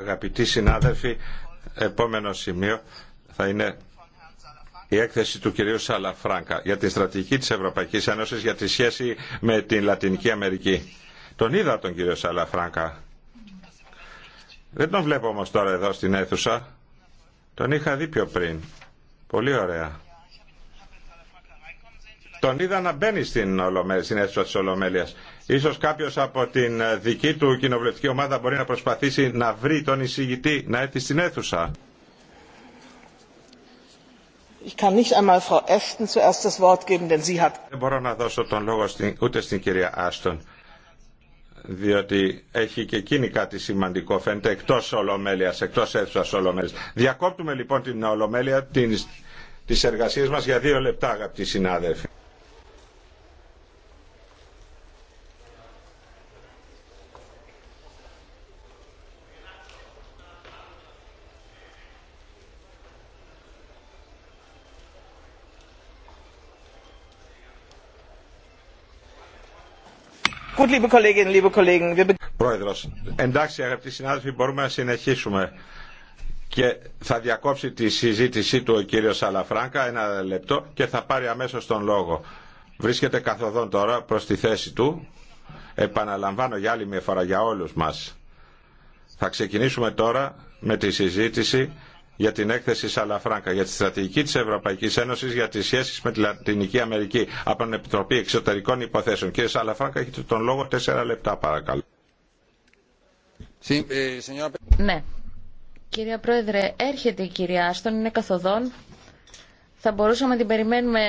Αγαπητοί συνάδελφοι, επόμενο σημείο θα είναι η έκθεση του κυρίου Σαλαφράγκα για τη στρατηγική της Ευρωπαϊκής Ένωσης για τη σχέση με την Λατινική Αμερική. Τον είδα τον κύριο Σαλαφράγκα. Δεν τον βλέπω όμως τώρα εδώ στην αίθουσα. Τον είχα δει πιο πριν. Πολύ ωραία. Τον είδα να μπαίνει στην, αίθουσα της Ολομέλειας. Ίσως κάποιος από την ε, δική του κοινοβουλευτική ομάδα μπορεί να προσπαθήσει να βρει τον εισηγητή να έρθει στην αίθουσα. Δεν μπορώ να δώσω τον λόγο ούτε στην κυρία Άστον διότι έχει και εκείνη κάτι σημαντικό φαίνεται εκτός Ολομέλειας, εκτός αίθουσας Ολομέλειας. Διακόπτουμε λοιπόν την Ολομέλεια τις εργασίες μας για δύο λεπτά αγαπητοί συνάδελφοι. Πρόεδρος, εντάξει αγαπητοί συνάδελφοι μπορούμε να συνεχίσουμε και θα διακόψει τη συζήτησή του ο κύριος Αλαφράγκα ένα λεπτό και θα πάρει αμέσως τον λόγο. Βρίσκεται καθοδόν τώρα προς τη θέση του. Επαναλαμβάνω για άλλη μια φορά για όλους μας. Θα ξεκινήσουμε τώρα με τη συζήτηση για την έκθεση Σαλαφράγκα για τη στρατηγική της Ευρωπαϊκής Ένωσης για τις σχέσεις με τη Λατινική Αμερική από την Επιτροπή Εξωτερικών Υποθέσεων. Κύριε Σαλαφράγκα, έχετε τον λόγο τέσσερα λεπτά παρακαλώ. Eh, ναι. Κυρία Πρόεδρε, έρχεται η κυρία Άστον, είναι καθοδόν. Θα μπορούσαμε να την περιμένουμε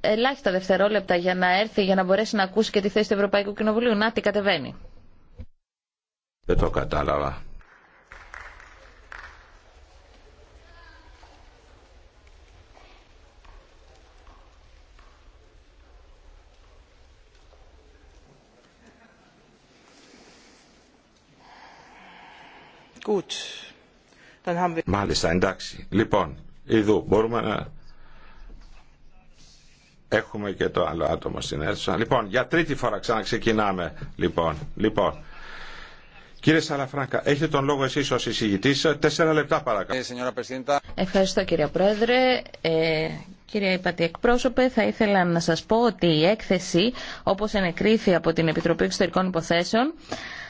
ελάχιστα δευτερόλεπτα για να έρθει, για να μπορέσει να ακούσει και τη θέση του Ευρωπαϊκού Κοινοβουλίου. Να, τι κατεβαίνει. Δεν το κατάλαβα. Μάλιστα, εντάξει. Λοιπόν, ειδού μπορούμε να έχουμε και το άλλο άτομο στην αίθουσα. Λοιπόν, για τρίτη φορά ξαναξεκινάμε. Λοιπόν, λοιπόν. Κύριε Σαλαφράγκα, έχετε τον λόγο εσείς ως εισηγητής. Τέσσερα λεπτά παρακαλώ. Ε, Ευχαριστώ κύριε Πρόεδρε. Ε, κύριε Υπατή Εκπρόσωπε, θα ήθελα να σας πω ότι η έκθεση, όπω ενεκρίθη από την Επιτροπή Εξωτερικών Υποθέσεων,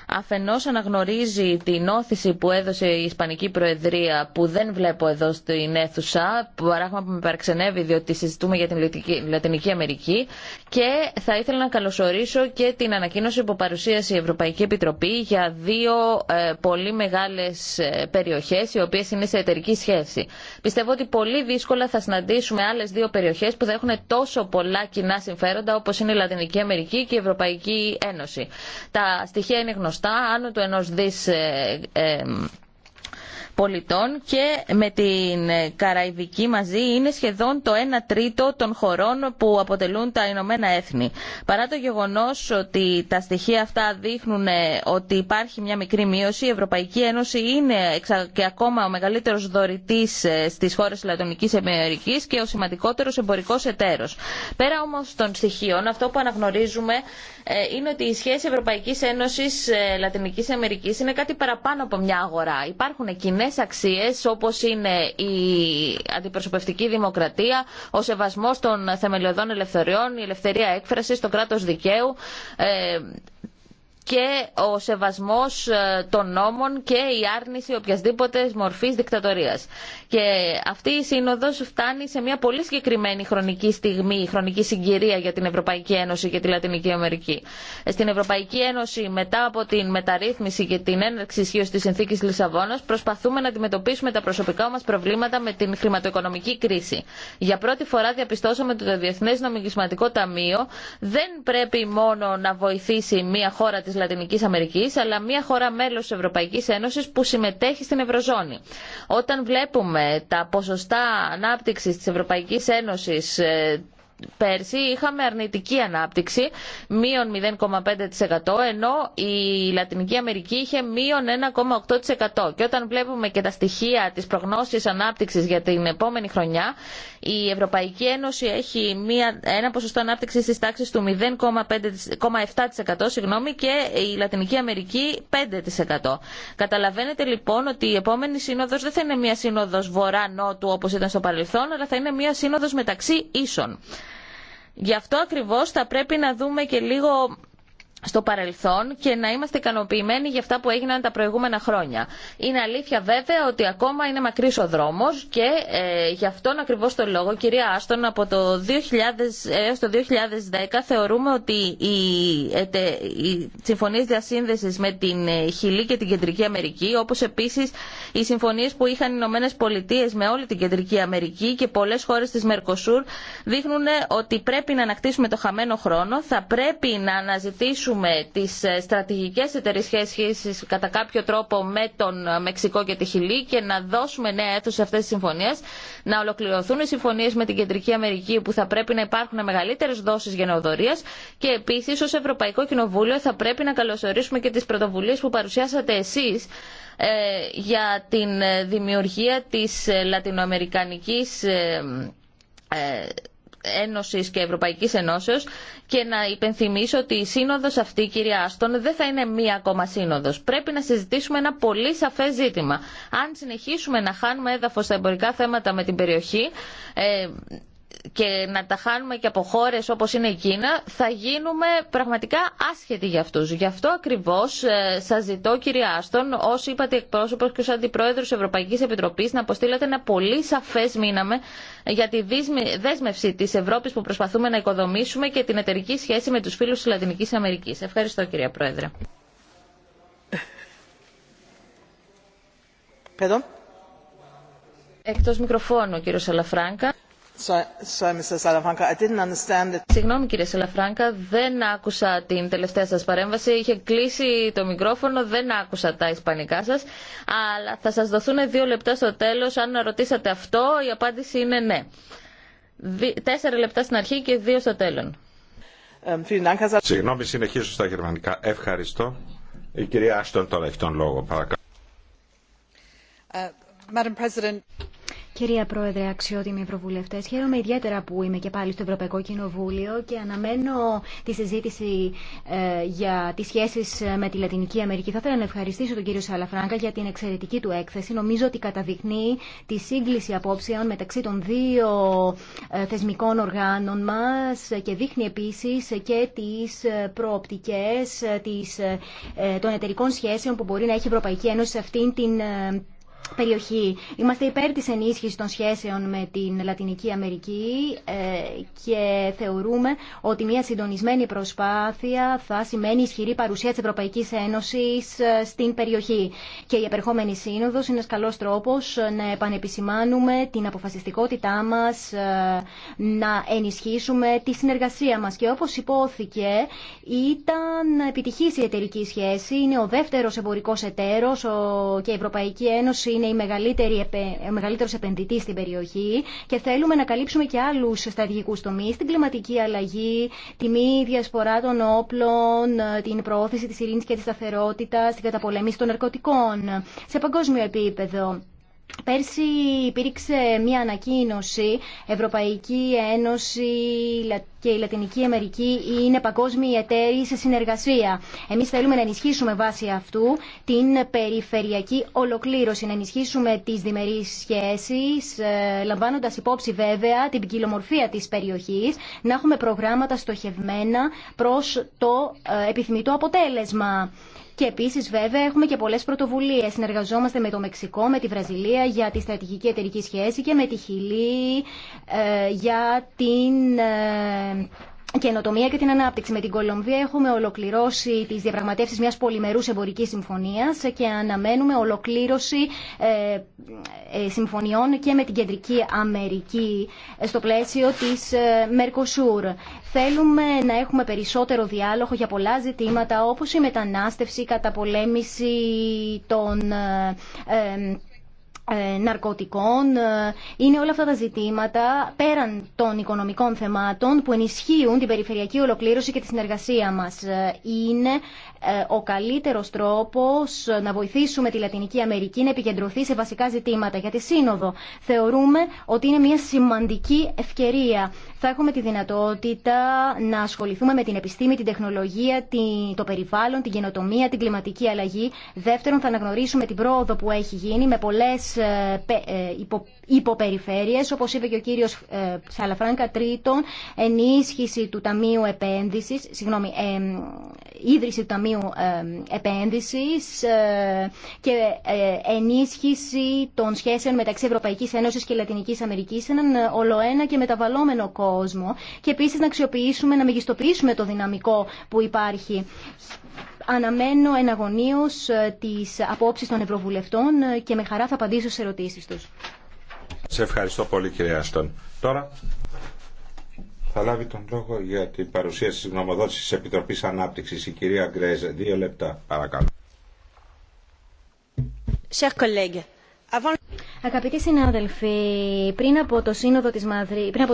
αφενός αναγνωρίζει την όθηση που έδωσε η Ισπανική Προεδρία που δεν βλέπω εδώ στην αίθουσα, παράγμα που με παραξενεύει διότι συζητούμε για την Λατινική Αμερική και θα ήθελα να καλωσορίσω και την ανακοίνωση που παρουσίασε η Ευρωπαϊκή Επιτροπή για δύο ε, πολύ μεγάλες ε, περιοχές οι οποίες είναι σε εταιρική σχέση. Πιστεύω ότι πολύ δύσκολα θα συναντήσουμε άλλες δύο περιοχές που θα έχουν τόσο πολλά κοινά συμφέροντα όπως είναι η Λατινική Αμερική και η Ευρωπαϊκή Ένωση. Τα στοιχεία είναι γνωστά ποσοστά άνω του ενός δις ε, ε, πολιτών και με την Καραϊβική μαζί είναι σχεδόν το 1 τρίτο των χωρών που αποτελούν τα Ηνωμένα Έθνη. Παρά το γεγονός ότι τα στοιχεία αυτά δείχνουν ε, ότι υπάρχει μια μικρή μείωση, η Ευρωπαϊκή Ένωση είναι και ακόμα ο μεγαλύτερος δωρητής στις χώρες Λατωνικής Αμερικής και ο σημαντικότερος εμπορικός εταίρος. Πέρα όμως των στοιχείων, αυτό που αναγνωρίζουμε ε, είναι ότι η σχέση Ευρωπαϊκής Ένωση ε, Λατινική Αμερική είναι κάτι παραπάνω από μια αγορά. Υπάρχουν κοινέ αξίες όπως είναι η αντιπροσωπευτική δημοκρατία, ο σεβασμός των θεμελιωδών ελευθεριών, η ελευθερία έκφρασης, το κράτος δικαίου, ε, και ο σεβασμός ε, των νόμων και η άρνηση οποιασδήποτε μορφής δικτατορίας. Και αυτή η σύνοδος φτάνει σε μια πολύ συγκεκριμένη χρονική στιγμή, χρονική συγκυρία για την Ευρωπαϊκή Ένωση και τη Λατινική Αμερική. Ε, στην Ευρωπαϊκή Ένωση μετά από την μεταρρύθμιση και την έναρξη ισχύω της συνθήκης Λισαβόνας προσπαθούμε να αντιμετωπίσουμε τα προσωπικά μας προβλήματα με την χρηματοοικονομική κρίση. Για πρώτη φορά διαπιστώσαμε ότι το Διεθνές Νομισματικό Ταμείο δεν πρέπει μόνο να βοηθήσει μια χώρα της Λατινικής Αμερικής, αλλά μια χώρα μέλος τη Ευρωπαϊκής Ένωσης που συμμετέχει στην Ευρωζώνη. Όταν βλέπουμε τα ποσοστά ανάπτυξης της Ευρωπαϊκής Ένωσης ε, πέρσι είχαμε αρνητική ανάπτυξη, μείον 0,5% ενώ η Λατινική Αμερική είχε μείον 1,8%. Και όταν βλέπουμε και τα στοιχεία της προγνώσης ανάπτυξης για την επόμενη χρονιά, η Ευρωπαϊκή Ένωση έχει ένα ποσοστό ανάπτυξη τη τάξη του 0,7% και η Λατινική Αμερική 5%. Καταλαβαίνετε λοιπόν ότι η επόμενη σύνοδο δεν θα είναι μία σύνοδο βορρά-νότου όπω ήταν στο παρελθόν, αλλά θα είναι μία σύνοδο μεταξύ ίσων. Γι' αυτό ακριβώς θα πρέπει να δούμε και λίγο στο παρελθόν και να είμαστε ικανοποιημένοι για αυτά που έγιναν τα προηγούμενα χρόνια. Είναι αλήθεια βέβαια ότι ακόμα είναι μακρύς ο δρόμος και ε, γι' αυτόν ακριβώς το λόγο, κυρία Άστον, από το 2000 έως το 2010 θεωρούμε ότι οι, τε, οι συμφωνίες διασύνδεσης με την ε, Χιλή και την Κεντρική Αμερική, όπως επίσης οι συμφωνίες που είχαν οι Ηνωμένε Πολιτείε με όλη την Κεντρική Αμερική και πολλές χώρες της Μερκοσούρ, δείχνουν ότι πρέπει να ανακτήσουμε το χαμένο χρόνο, θα πρέπει να αναζητήσουμε ενώσουμε τις ε, στρατηγικές εταιρικές σχέσεις κατά κάποιο τρόπο με τον ε, Μεξικό και τη Χιλή και να δώσουμε νέα αίθουσα σε αυτές τις συμφωνίες, να ολοκληρωθούν οι συμφωνίες με την Κεντρική Αμερική που θα πρέπει να υπάρχουν μεγαλύτερε δόσεις γενοδορίας και επίση ω Ευρωπαϊκό Κοινοβούλιο θα πρέπει να καλωσορίσουμε και τι πρωτοβουλίε που παρουσιάσατε εσείς ε, για την δημιουργία της λατινοαμερικανικής Ένωση και Ευρωπαϊκής Ενώσεω, και να υπενθυμίσω ότι η σύνοδος αυτή, κυρία Άστον, δεν θα είναι μία ακόμα σύνοδος. Πρέπει να συζητήσουμε ένα πολύ σαφές ζήτημα. Αν συνεχίσουμε να χάνουμε έδαφος στα εμπορικά θέματα με την περιοχή, ε, και να τα χάνουμε και από χώρε όπω είναι η Κίνα, θα γίνουμε πραγματικά άσχετοι για αυτού. Γι' αυτό ακριβώ ε, σα ζητώ, κύριε Άστον, ω είπατε εκπρόσωπο και ω αντιπρόεδρο Ευρωπαϊκή Επιτροπή, να αποστείλετε ένα πολύ σαφέ μήναμε για τη δέσμευση τη Ευρώπη που προσπαθούμε να οικοδομήσουμε και την εταιρική σχέση με του φίλου τη Λατινική Αμερική. Ευχαριστώ, κυρία Πρόεδρε. Εκτός μικροφώνου, κύριο Σαλαφράγκα. Συγγνώμη κύριε Σαλαφράγκα, δεν άκουσα την τελευταία σας παρέμβαση. Είχε κλείσει το μικρόφωνο, δεν άκουσα τα ισπανικά σας. Αλλά θα σας δοθούν δύο λεπτά στο τέλος. Αν ρωτήσατε αυτό, η απάντηση είναι ναι. Τέσσερα λεπτά στην αρχή και δύο στο τέλος. Συγγνώμη, συνεχίζω στα γερμανικά. Ευχαριστώ. Η κυρία Άστον τώρα έχει τον λόγο, παρακαλώ. Ε, Κυρία Πρόεδρε, αξιότιμοι Ευρωβουλευτές, χαίρομαι ιδιαίτερα που είμαι και πάλι στο Ευρωπαϊκό Κοινοβούλιο και αναμένω τη συζήτηση ε, για τις σχέσεις ε, με τη Λατινική Αμερική. Θα ήθελα να ευχαριστήσω τον κύριο Σαλαφράγκα για την εξαιρετική του έκθεση. Νομίζω ότι καταδεικνύει τη σύγκληση απόψεων μεταξύ των δύο ε, θεσμικών οργάνων μας και δείχνει επίσης και τις προοπτικές των εταιρικών σχέσεων που μπορεί να έχει η Ευρωπαϊκή Ένωση σε αυτήν την περιοχή. Είμαστε υπέρ της ενίσχυσης των σχέσεων με την Λατινική Αμερική ε, και θεωρούμε ότι μια συντονισμένη προσπάθεια θα σημαίνει ισχυρή παρουσία της Ευρωπαϊκής Ένωσης ε, στην περιοχή. Και η επερχόμενη σύνοδος είναι ένας καλός τρόπος ε, να επανεπισημάνουμε την αποφασιστικότητά μας, να ενισχύσουμε τη συνεργασία μας. Και όπως υπόθηκε, ήταν επιτυχής η εταιρική σχέση. Είναι ο δεύτερος εμπορικός εταίρος και η Ευρωπαϊκή Ένωση είναι η μεγαλύτερη, ο μεγαλύτερος επενδυτής στην περιοχή και θέλουμε να καλύψουμε και άλλους στρατηγικούς τομείς, την κλιματική αλλαγή, τη μη διασπορά των όπλων, την προώθηση της ειρήνης και της σταθερότητας, την καταπολέμηση των ναρκωτικών σε παγκόσμιο επίπεδο. Πέρσι υπήρξε μία ανακοίνωση, Ευρωπαϊκή Ένωση και η Λατινική Αμερική είναι παγκόσμιοι εταίροι σε συνεργασία. Εμείς θέλουμε να ενισχύσουμε βάσει αυτού την περιφερειακή ολοκλήρωση, να ενισχύσουμε τις διμερείς σχέσει, ε, λαμβάνοντας υπόψη βέβαια την ποικιλομορφία της περιοχής, να έχουμε προγράμματα στοχευμένα προς το ε, επιθυμητό αποτέλεσμα. Και επίσης βέβαια έχουμε και πολλές πρωτοβουλίες. Συνεργαζόμαστε με το Μεξικό, με τη Βραζιλία για τη στρατηγική εταιρική σχέση και με τη Χιλή ε, για την ε, καινοτομία και την ανάπτυξη. Με την Κολομβία έχουμε ολοκληρώσει τι διαπραγματεύσει μια πολυμερού εμπορική συμφωνία και αναμένουμε ολοκλήρωση ε, ε, συμφωνιών και με την Κεντρική Αμερική ε, στο πλαίσιο τη Μερκοσούρ. Θέλουμε να έχουμε περισσότερο διάλογο για πολλά ζητήματα όπω η μετανάστευση, η καταπολέμηση των ε, ναρκωτικών. Ε, είναι όλα αυτά τα ζητήματα πέραν των οικονομικών θεμάτων που ενισχύουν την περιφερειακή ολοκλήρωση και τη συνεργασία μας. Ε, είναι ο καλύτερος τρόπος να βοηθήσουμε τη Λατινική Αμερική να επικεντρωθεί σε βασικά ζητήματα. Για τη Σύνοδο θεωρούμε ότι είναι μια σημαντική ευκαιρία θα έχουμε τη δυνατότητα να ασχοληθούμε με την επιστήμη, την τεχνολογία, το περιβάλλον, την καινοτομία, την κλιματική αλλαγή. Δεύτερον, θα αναγνωρίσουμε την πρόοδο που έχει γίνει με πολλέ ε, ε, υποπεριφέρειε, όπω είπε και ο κύριο ε, Σαλαφράνκα. Τρίτον, ενίσχυση του Ταμείου Επένδυση, συγγνώμη, ίδρυση του Ταμείου Επένδυση και ενίσχυση των σχέσεων μεταξύ Ευρωπαϊκή Ένωση και Λατινική Αμερική σε έναν ολοένα και μεταβαλλόμενο κόσμο κόσμο και επίση να αξιοποιήσουμε, να μεγιστοποιήσουμε το δυναμικό που υπάρχει. Αναμένω εναγωνίω ε, τι απόψεις των Ευρωβουλευτών ε, και με χαρά θα απαντήσω σε ερωτήσει τους. Σε ευχαριστώ πολύ κυρία Αστον. Τώρα θα λάβει τον λόγο για την παρουσίαση τη γνωμοδότησης τη Επιτροπής ανάπτυξη. η κυρία Γκρέζε. Δύο λεπτά παρακαλώ. Chers collègues, Αγαπητοί συνάδελφοι, πριν από, το σύνοδο της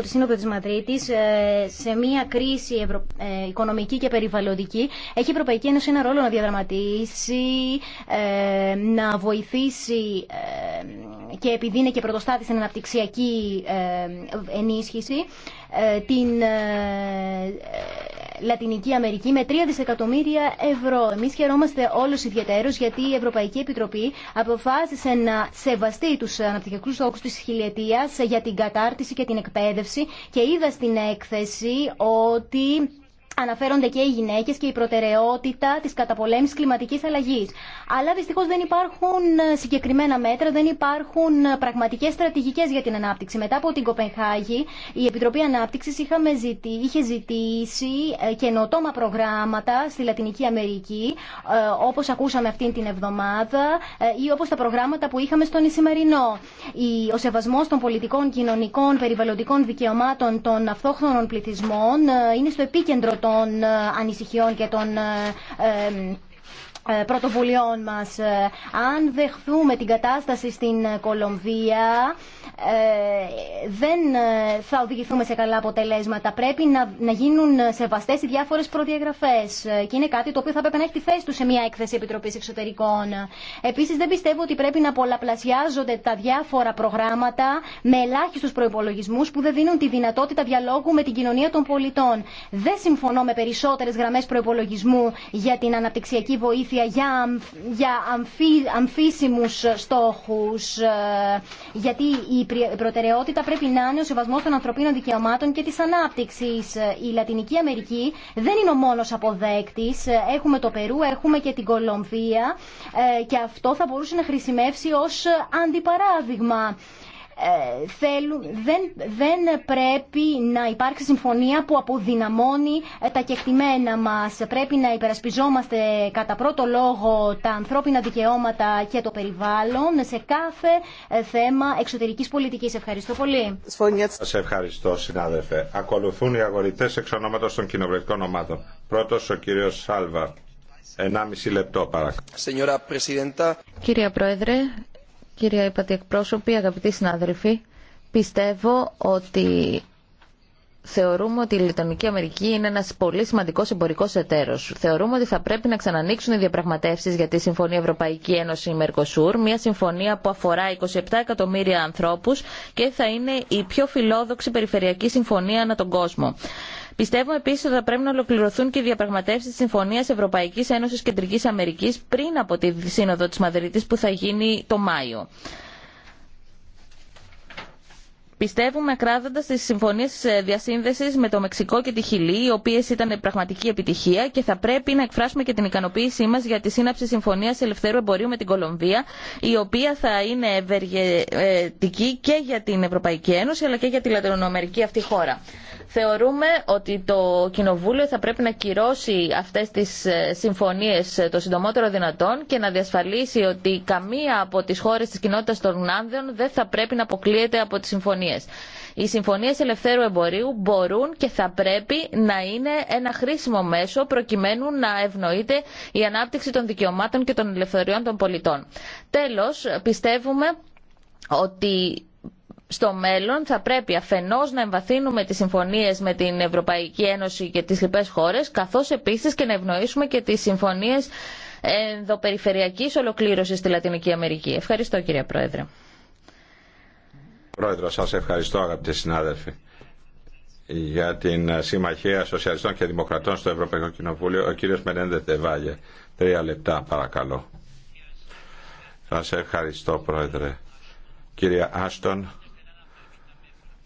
τη Σύνοδο της Μαδρίτης, ε, σε μια κρίση ε, οικονομική και περιβαλλοντική, έχει η Ευρωπαϊκή Ένωση ένα ρόλο να διαδραματίσει, ε, να βοηθήσει και επειδή είναι και πρωτοστάτη στην αναπτυξιακή ενίσχυση, την Λατινική Αμερική με 3 δισεκατομμύρια ευρώ. Εμεί χαιρόμαστε όλου ιδιαίτερω γιατί η Ευρωπαϊκή Επιτροπή αποφάσισε να σεβαστεί του αναπτυχιακού στόχου τη χιλιετία για την κατάρτιση και την εκπαίδευση και είδα στην έκθεση ότι αναφέρονται και οι γυναίκε και η προτεραιότητα της καταπολέμησης κλιματική αλλαγή. Αλλά δυστυχώ δεν υπάρχουν ε, συγκεκριμένα μέτρα, δεν υπάρχουν ε, πραγματικέ στρατηγικέ για την ανάπτυξη. Μετά από την Κοπενχάγη, η Επιτροπή Ανάπτυξη, είχε ζητήσει ε, καινοτόμα προγράμματα στη Λατινική Αμερική, όπω ακούσαμε αυτήν την εβδομάδα, ή όπω τα προγράμματα που είχαμε στον Ισημερινό. Ο σεβασμό των πολιτικών, κοινωνικών, περιβαλλοντικών δικαιωμάτων των αυτόχθονων πληθυσμών είναι στο επίκεντρο των ε, ανησυχιών και των ε, ε, πρωτοβουλειών μας. Αν δεχθούμε την κατάσταση στην Κολομβία, ε, δεν ε, θα οδηγηθούμε σε καλά αποτελέσματα. Πρέπει να, να γίνουν σεβαστέ οι διάφορε προδιαγραφέ. Ε, και είναι κάτι το οποίο θα πρέπει να έχει τη θέση του σε μια έκθεση Επιτροπή Εξωτερικών. Επίση, δεν πιστεύω ότι πρέπει να πολλαπλασιάζονται τα διάφορα προγράμματα με ελάχιστους προπολογισμού που δεν δίνουν τη δυνατότητα διαλόγου με την κοινωνία των πολιτών. Δεν συμφωνώ με περισσότερες γραμμέ προπολογισμού για την αναπτυξιακή βοήθεια, για, για αμφί, γιατί η η προτεραιότητα πρέπει να είναι ο σεβασμό των ανθρωπίνων δικαιωμάτων και της ανάπτυξη. Η Λατινική Αμερική δεν είναι ο μόνος αποδέκτης. Έχουμε το Περού, έχουμε και την Κολομβία ε, και αυτό θα μπορούσε να χρησιμεύσει ως αντιπαράδειγμα. Ε, θέλουν, δεν, δεν πρέπει να υπάρξει συμφωνία που αποδυναμώνει ε, τα κεκτημένα μας. Πρέπει να υπερασπιζόμαστε κατά πρώτο λόγο τα ανθρώπινα δικαιώματα και το περιβάλλον σε κάθε ε, θέμα εξωτερικής πολιτικής. Ευχαριστώ πολύ. Σας ευχαριστώ συνάδελφε. Ακολουθούν οι αγορητές εξ ονόματος των κοινοβουλευτικών ομάδων. Πρώτος ο κύριος Σάλβα. 1,5 λεπτό παρακαλώ. Κυρία Πρόεδρε, Κυρία Υπατή Εκπρόσωπη, αγαπητοί συνάδελφοι, πιστεύω ότι θεωρούμε ότι η Λιτωνική Αμερική είναι ένα πολύ σημαντικό εμπορικό εταίρο. Θεωρούμε ότι θα πρέπει να ξανανοίξουν οι διαπραγματεύσει για τη Συμφωνία Ευρωπαϊκή Ένωση Μερκοσούρ, μια συμφωνία που αφορά 27 εκατομμύρια ανθρώπου και θα είναι η πιο φιλόδοξη περιφερειακή συμφωνία ανά τον κόσμο. Πιστεύουμε επίση ότι θα πρέπει να ολοκληρωθούν και οι διαπραγματεύσει τη Συμφωνία Ευρωπαϊκή Ένωση Κεντρική Αμερική πριν από τη Σύνοδο τη Μαδρίτη που θα γίνει το Μάιο. Πιστεύουμε ακράδαντα στι συμφωνίε διασύνδεση με το Μεξικό και τη Χιλή, οι οποίε ήταν πραγματική επιτυχία και θα πρέπει να εκφράσουμε και την ικανοποίησή μα για τη σύναψη συμφωνία ελευθέρου εμπορίου με την Κολομβία, η οποία θα είναι ευεργετική και για την Ευρωπαϊκή Ένωση αλλά και για τη Λατινοαμερική αυτή χώρα. Θεωρούμε ότι το Κοινοβούλιο θα πρέπει να κυρώσει αυτές τις ε, συμφωνίες ε, το συντομότερο δυνατόν και να διασφαλίσει ότι καμία από τις χώρες της κοινότητας των Άνδεων δεν θα πρέπει να αποκλείεται από τις συμφωνίες. Οι συμφωνίες ελευθέρου εμπορίου μπορούν και θα πρέπει να είναι ένα χρήσιμο μέσο προκειμένου να ευνοείται η ανάπτυξη των δικαιωμάτων και των ελευθεριών των πολιτών. Τέλος, πιστεύουμε ότι στο μέλλον θα πρέπει αφενός να εμβαθύνουμε τις συμφωνίες με την Ευρωπαϊκή Ένωση και τις λοιπές χώρες, καθώς επίσης και να ευνοήσουμε και τις συμφωνίες ενδοπεριφερειακής ολοκλήρωσης στη Λατινική Αμερική. Ευχαριστώ κύριε Πρόεδρε. Πρόεδρο, σας ευχαριστώ αγαπητοί συνάδελφοι για την Συμμαχία Σοσιαλιστών και Δημοκρατών στο Ευρωπαϊκό Κοινοβούλιο. Ο κύριος Μενέντε Τεβάγε. Τρία λεπτά παρακαλώ. Σας ευχαριστώ Πρόεδρε. Κύριε Άστον,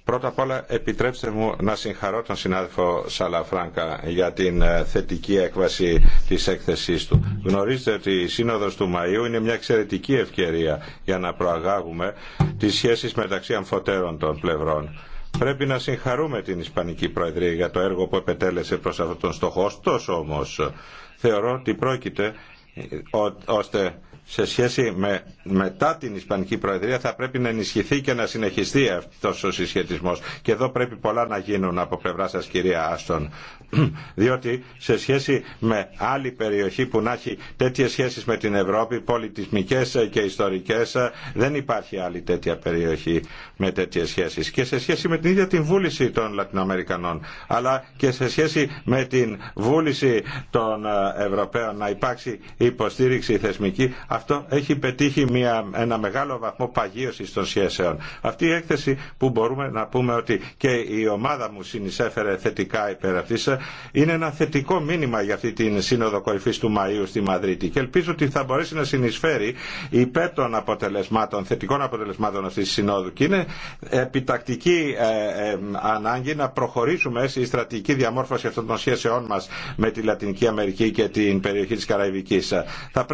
Πρώτα απ' όλα επιτρέψτε μου να συγχαρώ τον συνάδελφο Σαλαφράγκα για την ε, θετική έκβαση της έκθεσής του. Γνωρίζετε ότι η Σύνοδος του Μαΐου είναι μια εξαιρετική ευκαιρία για να προαγάγουμε τις σχέσεις μεταξύ αμφωτέρων των πλευρών. Πρέπει να συγχαρούμε την Ισπανική Προεδρία για το έργο που επετέλεσε προς αυτόν τον στόχο. Ωστόσο όμως θεωρώ ότι πρόκειται ε, ώστε σε σχέση με μετά την Ισπανική Προεδρία θα πρέπει να ενισχυθεί και να συνεχιστεί αυτός ο συσχετισμός. Και εδώ πρέπει πολλά να γίνουν από πλευρά σας κυρία Άστον. Διότι σε σχέση με άλλη περιοχή που να έχει τέτοιες σχέσεις με την Ευρώπη, πολιτισμικές και ιστορικές, δεν υπάρχει άλλη τέτοια περιοχή με τέτοιες σχέσεις. Και σε σχέση με την ίδια την βούληση των Λατινοαμερικανών, αλλά και σε σχέση με την βούληση των ε, Ευρωπαίων να υπάρξει υποστήριξη θεσμική, αυτό έχει πετύχει μια, ένα μεγάλο βαθμό παγίωση των σχέσεων. Αυτή η έκθεση που μπορούμε να πούμε ότι και η ομάδα μου συνεισέφερε θετικά υπέρ αυτής, είναι ένα θετικό μήνυμα για αυτή την Σύνοδο Κορυφή του Μαΐου στη Μαδρίτη και ελπίζω ότι θα μπορέσει να συνεισφέρει υπέρ των αποτελεσμάτων, θετικών αποτελεσμάτων αυτή τη Συνόδου. Και είναι επιτακτική ε, ε, ανάγκη να προχωρήσουμε στη στρατηγική διαμόρφωση αυτών των σχέσεών μα με τη Λατινική Αμερική και την περιοχή τη Καραϊβική. Θα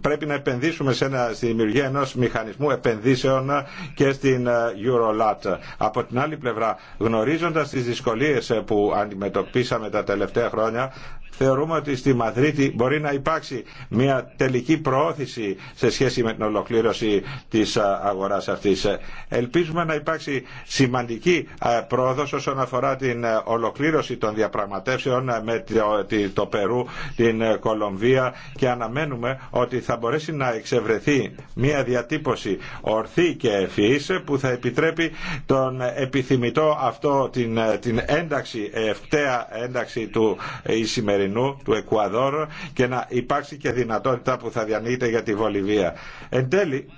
πρέπει να επενδύσουμε σε ένα, στη δημιουργία ενός μηχανισμού επενδύσεων και στην ε, Eurolat. Από την άλλη πλευρά, γνωρίζοντας τις δυσκολίες ε, που αντιμετωπίσαμε τα τελευταία χρόνια, θεωρούμε ότι στη Μαδρίτη μπορεί να υπάρξει μια τελική προώθηση σε σχέση με την ολοκλήρωση της αγοράς αυτής. Ελπίζουμε να υπάρξει σημαντική πρόοδος όσον αφορά την ολοκλήρωση των διαπραγματεύσεων με το Περού, την ε, Κολομβία και αναμένουμε ότι θα μπορέσει να εξευρεθεί μια διατύπωση ορθή και ευφυής που θα επιτρέπει τον επιθυμητό αυτό την, ε, την ένταξη, ευταία ένταξη του ε, η Περινού, του Εκουαδόρ και να υπάρξει και δυνατότητα που θα διανοείται για τη Βολιβία. Εν τέλει,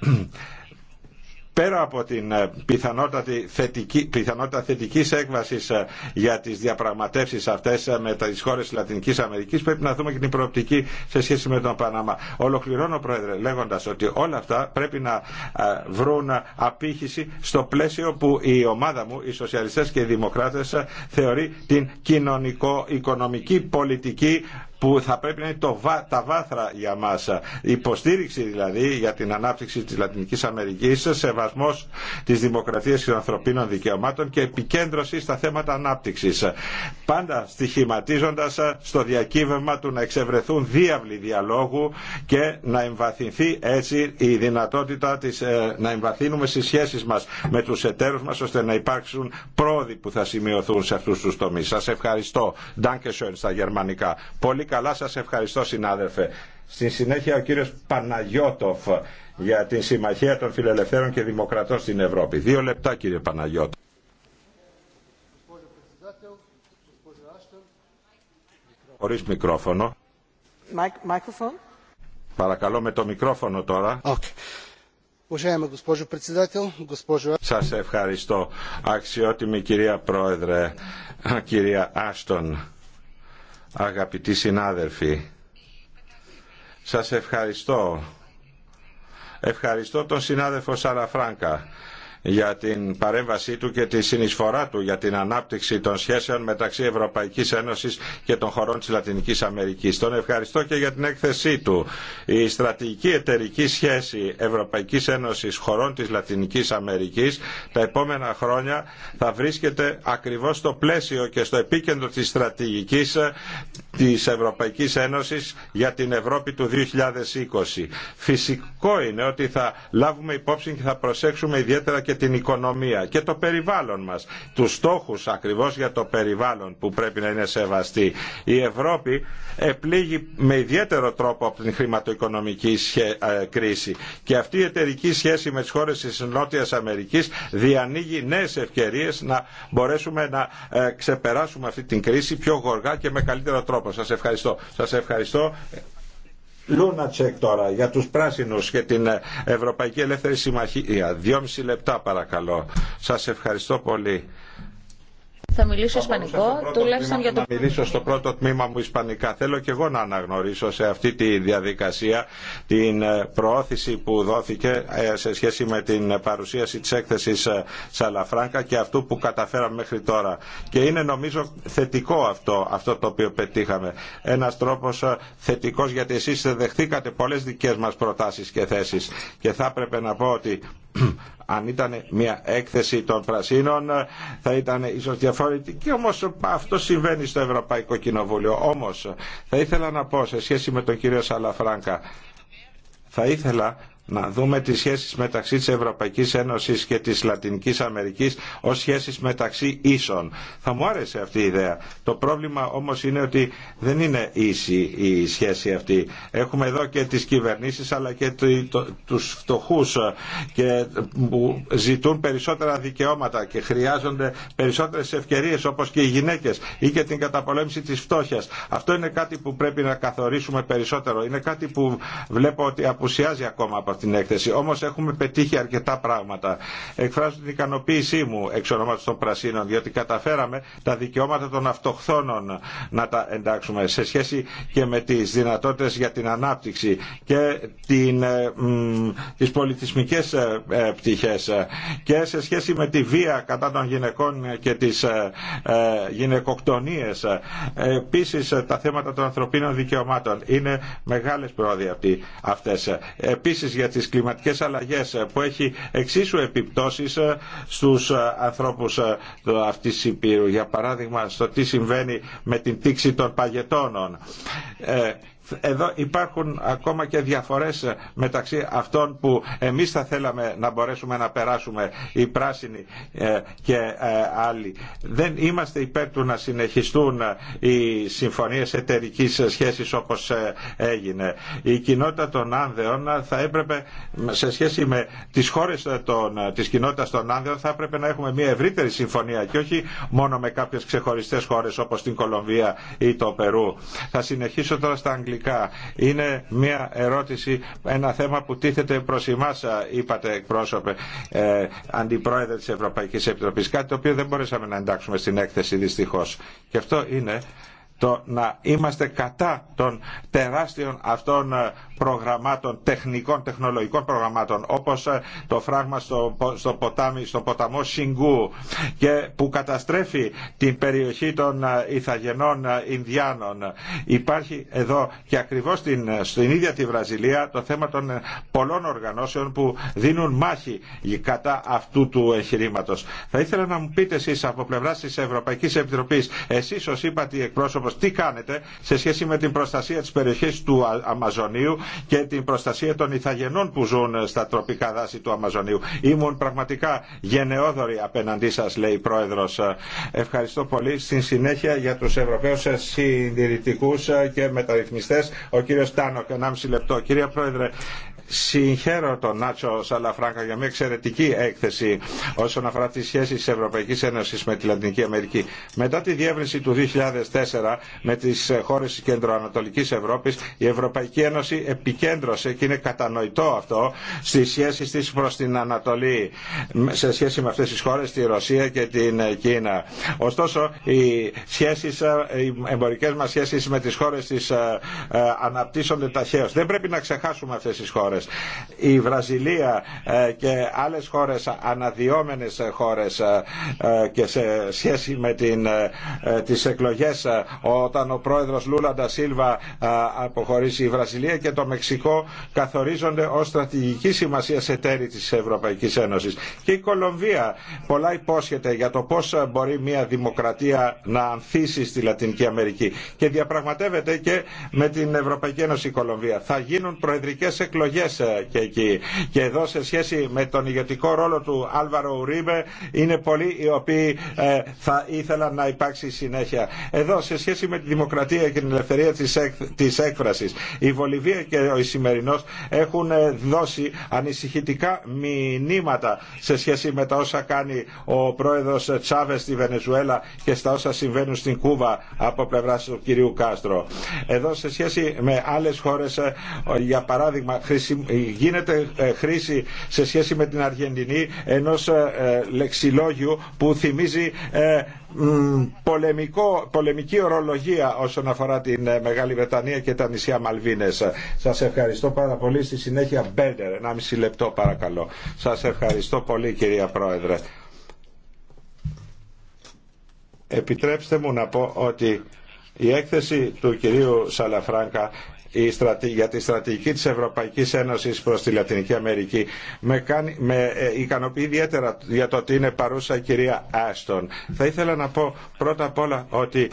πέρα από την ε, πιθανότητα θετική, πιθανότητα θετικής έκβασης ε, για τις διαπραγματεύσεις αυτές ε, με τις χώρες της Λατινικής Αμερικής πρέπει να δούμε και την προοπτική σε σχέση με τον Παναμά. Ολοκληρώνω Πρόεδρε λέγοντας ότι όλα αυτά πρέπει να βρουν απήχηση στο πλαίσιο που η ομάδα μου, οι σοσιαλιστές και οι δημοκράτες θεωρεί την κοινωνικο-οικονομική πολιτική που θα πρέπει να είναι το, τα βάθρα για μας. Υποστήριξη δηλαδή για την ανάπτυξη της Λατινικής Αμερικής, σεβασμός της δημοκρατίας και των ανθρωπίνων δικαιωμάτων και επικέντρωση στα θέματα ανάπτυξης. Πάντα στοιχηματίζοντας στο διακύβευμα του να εξευρεθούν διάβλη διαλόγου και να εμβαθυνθεί έτσι η δυνατότητα της, ε, να εμβαθύνουμε στις σχέσεις μας με τους εταίρους μας ώστε να υπάρξουν πρόοδοι που θα σημειωθούν σε αυτούς τους τομείς. Σας ευχαριστώ. schön στα γερμανικά. Πολύ καλά. Σας ευχαριστώ συνάδελφε. Στη συνέχεια ο κύριο Παναγιώτοφ για την Συμμαχία των Φιλελευθέρων και Δημοκρατών στην Ευρώπη. Δύο λεπτά κύριε Παναγιώτοφ. Χωρίς μικρόφωνο. Microphone. Παρακαλώ με το μικρόφωνο τώρα. Okay. Σας ευχαριστώ, αξιότιμη κυρία Πρόεδρε, κυρία Άστον αγαπητοί συνάδελφοι. Σας ευχαριστώ. Ευχαριστώ τον συνάδελφο Σαραφράγκα για την παρέμβασή του και τη συνεισφορά του για την ανάπτυξη των σχέσεων μεταξύ Ευρωπαϊκής Ένωσης και των χωρών της Λατινικής Αμερικής. Τον ευχαριστώ και για την έκθεσή του. Η στρατηγική εταιρική σχέση Ευρωπαϊκής Ένωσης χωρών της Λατινικής Αμερικής τα επόμενα χρόνια θα βρίσκεται ακριβώς στο πλαίσιο και στο επίκεντρο της στρατηγικής της Ευρωπαϊκής Ένωσης για την Ευρώπη του 2020. Φυσικό είναι ότι θα λάβουμε υπόψη και θα προσέξουμε ιδιαίτερα και την οικονομία και το περιβάλλον μας. Τους στόχους ακριβώς για το περιβάλλον που πρέπει να είναι σεβαστή. Η Ευρώπη επλήγει με ιδιαίτερο τρόπο από την χρηματοοικονομική ε, κρίση και αυτή η εταιρική σχέση με τις χώρες της Νότιας Αμερικής διανοίγει νέες ευκαιρίες να μπορέσουμε να ε, ξεπεράσουμε αυτή την κρίση πιο γοργά και με καλύτερο τρόπο τρόπο. Σας ευχαριστώ. Σας ευχαριστώ. Λούνατσεκ τώρα για τους πράσινους και την Ευρωπαϊκή Ελεύθερη Συμμαχία. Δυόμιση λεπτά παρακαλώ. Σας ευχαριστώ πολύ. Θα μιλήσω ισπανικό, τουλάχιστον για το. Θα μιλήσω στο πρώτο τμήμα μου ισπανικά. Θέλω και εγώ να αναγνωρίσω σε αυτή τη διαδικασία την ε, προώθηση που δόθηκε ε, σε σχέση με την παρουσίαση τη έκθεση ε, Σαλαφράγκα και αυτού που καταφέραμε μέχρι τώρα. Και είναι νομίζω θετικό αυτό, αυτό το οποίο πετύχαμε. Ένα τρόπο θετικό γιατί εσεί δεχθήκατε πολλέ δικέ μα προτάσει και θέσει. Και θα έπρεπε να πω ότι αν ήταν μια έκθεση των Πρασίνων θα ήταν ίσως διαφορετική όμως αυτό συμβαίνει στο Ευρωπαϊκό Κοινοβούλιο όμως θα ήθελα να πω σε σχέση με τον κύριο Σαλαφράγκα θα ήθελα να δούμε τις σχέσεις μεταξύ της Ευρωπαϊκής Ένωσης και της Λατινικής Αμερικής ως σχέσεις μεταξύ ίσων. Θα μου άρεσε αυτή η ιδέα. Το πρόβλημα όμως είναι ότι δεν είναι ίση η σχέση αυτή. Έχουμε εδώ και τις κυβερνήσεις αλλά και τους φτωχούς ε, που ζητούν περισσότερα δικαιώματα και χρειάζονται περισσότερες ευκαιρίες όπως και οι γυναίκες ή και την καταπολέμηση της φτώχειας. Αυτό είναι κάτι που πρέπει να καθορίσουμε περισσότερο. Είναι κάτι που βλέπω ότι απουσιάζει ακόμα από την έκθεση. Όμω έχουμε πετύχει αρκετά πράγματα. Εκφράζω την ικανοποίησή μου εξ ονόματο των Πρασίνων, διότι καταφέραμε τα δικαιώματα των αυτοχθόνων να τα εντάξουμε σε σχέση και με τι δυνατότητε για την ανάπτυξη και την, ε, τις πολιτισμικές ε, ε, πτυχές και σε σχέση με τη βία κατά των γυναικών και τις γυναικοκτονίες επίσης τα θέματα των ανθρωπίνων δικαιωμάτων είναι μεγάλε πρόοδοι αυτές για τις κλιματικές αλλαγές ε, που έχει εξίσου επιπτώσεις ε, στους ε, ανθρώπους αυτής της Υπήρου. Για παράδειγμα στο τι συμβαίνει με την τήξη των παγετώνων εδώ υπάρχουν ακόμα και διαφορές μεταξύ αυτών που εμείς θα θέλαμε να μπορέσουμε να περάσουμε οι πράσινοι ε, και ε, άλλοι. Δεν είμαστε υπέρ του να συνεχιστούν ε, οι συμφωνίες εταιρική σχέσης όπως έγινε. Η κοινότητα των Άνδεων θα έπρεπε σε σχέση με τις χώρες των, της κοινότητας των Άνδεων θα έπρεπε να έχουμε μια ευρύτερη συμφωνία και όχι μόνο με κάποιες ξεχωριστές χώρες όπως την Κολομβία ή το Περού. Θα συνεχίσω τώρα στα αγγλικά είναι μια ερώτηση, ένα θέμα που τίθεται προς εμά, είπατε εκπρόσωπε, ε, αντιπρόεδρε της Ευρωπαϊκής Επιτροπής. Κάτι το οποίο δεν μπορέσαμε να εντάξουμε στην έκθεση δυστυχώς. Και αυτό είναι το να είμαστε κατά των τεράστιων αυτών ε, προγραμμάτων, τεχνικών, τεχνολογικών προγραμμάτων όπως ε, το φράγμα στο, ποτάμι, στο ποταμό Σιγκού και που καταστρέφει την περιοχή των ε, Ιθαγενών ε, Ινδιάνων. Υπάρχει εδώ και ακριβώς στην, στην ίδια τη Βραζιλία το θέμα των πολλών οργανώσεων που δίνουν μάχη κατά αυτού του εγχειρήματος. Θα ήθελα να μου πείτε εσείς από πλευρά της Ευρωπαϊκής Επιτροπής, εσείς ως είπατε εκπρόσωπος, τι κάνετε σε σχέση με την προστασία της περιοχής του Αμαζονίου και την προστασία των ηθαγενών που ζουν στα τροπικά δάση του Αμαζονίου. Ήμουν πραγματικά γενναιόδοροι απέναντί σα, λέει η Πρόεδρος. Ευχαριστώ πολύ. Στην συνέχεια για του Ευρωπαίους συντηρητικού και μεταρρυθμιστέ, ο κύριος Τάνοκ, 1,5 λεπτό. Κύριε Πρόεδρε, Συγχαίρω τον Νάτσο Σαλαφράγκα για μια εξαιρετική έκθεση όσον αφορά τι σχέσει τη Ευρωπαϊκή Ένωση με τη Λατινική Αμερική. Μετά τη διεύρυνση του 2004 με τι χώρε τη Κεντροανατολική Ευρώπη, η Ευρωπαϊκή Ένωση επικέντρωσε και είναι κατανοητό αυτό στι σχέσει τη προ την Ανατολή σε σχέση με αυτέ τι χώρε, τη Ρωσία και την Κίνα. Ωστόσο, οι, σχέσεις, οι εμπορικέ μα σχέσει με τι χώρε τη ε, ε, αναπτύσσονται ταχαίω. Δεν πρέπει να ξεχάσουμε αυτέ τι χώρε η Βραζιλία ε, και άλλες χώρες, αναδυόμενες χώρες ε, ε, και σε σχέση με την, τις εκλογές όταν ο πρόεδρος Λούλαντα Σίλβα αποχωρήσει η Βραζιλία και το Μεξικό καθορίζονται ως στρατηγική σημασία σε τέρη της Ευρωπαϊκής Ένωσης. Και η Κολομβία πολλά υπόσχεται για το πώς μπορεί μια δημοκρατία να ανθίσει στη Λατινική Αμερική και διαπραγματεύεται και με την Ευρωπαϊκή Ένωση η Κολομβία. Θα γίνουν προεδρικές εκλογές και εκεί. Και εδώ σε σχέση με τον ηγετικό ρόλο του Άλβαρο Ουρίμπε είναι πολλοί οι οποίοι ε, θα ήθελαν να υπάρξει συνέχεια. Εδώ σε σχέση με τη δημοκρατία και την ελευθερία της, έκφραση. έκφρασης η Βολιβία και ο Ισημερινός έχουν ε, δώσει ανησυχητικά μηνύματα σε σχέση με τα όσα κάνει ο πρόεδρος Τσάβε στη Βενεζουέλα και στα όσα συμβαίνουν στην Κούβα από πλευρά του κυρίου Κάστρο. Εδώ σε σχέση με άλλες χώρες ε, για παράδειγμα ε, γίνεται ε, χρήση σε σχέση με την Αργεντινή ενός ε, λεξιλόγιου που θυμίζει πολεμικό, πολεμική ορολογία όσον αφορά την Μεγάλη Βρετανία και τα νησιά Μαλβίνες. Σας ευχαριστώ πάρα πολύ. Στη συνέχεια Μπέντερ, μισή λεπτό παρακαλώ. Σας ευχαριστώ πολύ κυρία Πρόεδρε. Επιτρέψτε μου να πω ότι η έκθεση του κυρίου Σαλαφράγκα για τη στρατηγική της Ευρωπαϊκής Ένωσης προς τη Λατινική Αμερική. Με, κάνει, με ε, ικανοποιεί ιδιαίτερα για το ότι είναι παρούσα η κυρία Άστον. Θα ήθελα να πω πρώτα απ' όλα ότι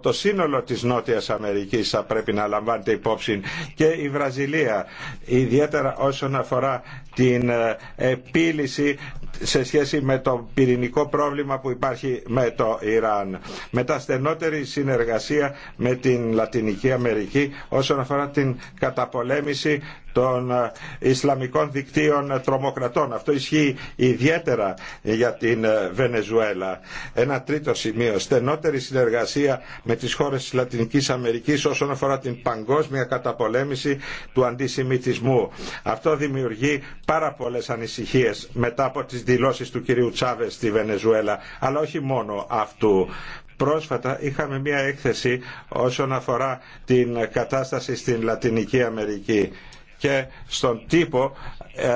το σύνολο της Νότιας Αμερικής θα πρέπει να λαμβάνεται υπόψη και η Βραζιλία, ιδιαίτερα όσον αφορά την ε, επίλυση σε σχέση με το πυρηνικό πρόβλημα που υπάρχει με το Ιράν. τα στενότερη συνεργασία με την Λατινική Αμερική όσον αφορά την καταπολέμηση των ε, Ισλαμικών δικτύων τρομοκρατών. Αυτό ισχύει ιδιαίτερα για την ε, Βενεζουέλα. Ένα τρίτο σημείο, στενότερη συνεργασία με τις χώρες της Λατινικής Αμερικής όσον αφορά την παγκόσμια καταπολέμηση του αντισημιτισμού. Αυτό δημιουργεί πάρα πολλές ανησυχίες μετά από τις δηλώσεις του κυρίου Τσάβες στη Βενεζουέλα, αλλά όχι μόνο αυτού. Πρόσφατα είχαμε μία έκθεση όσον αφορά την κατάσταση στην Λατινική Αμερική και στον τύπο ε,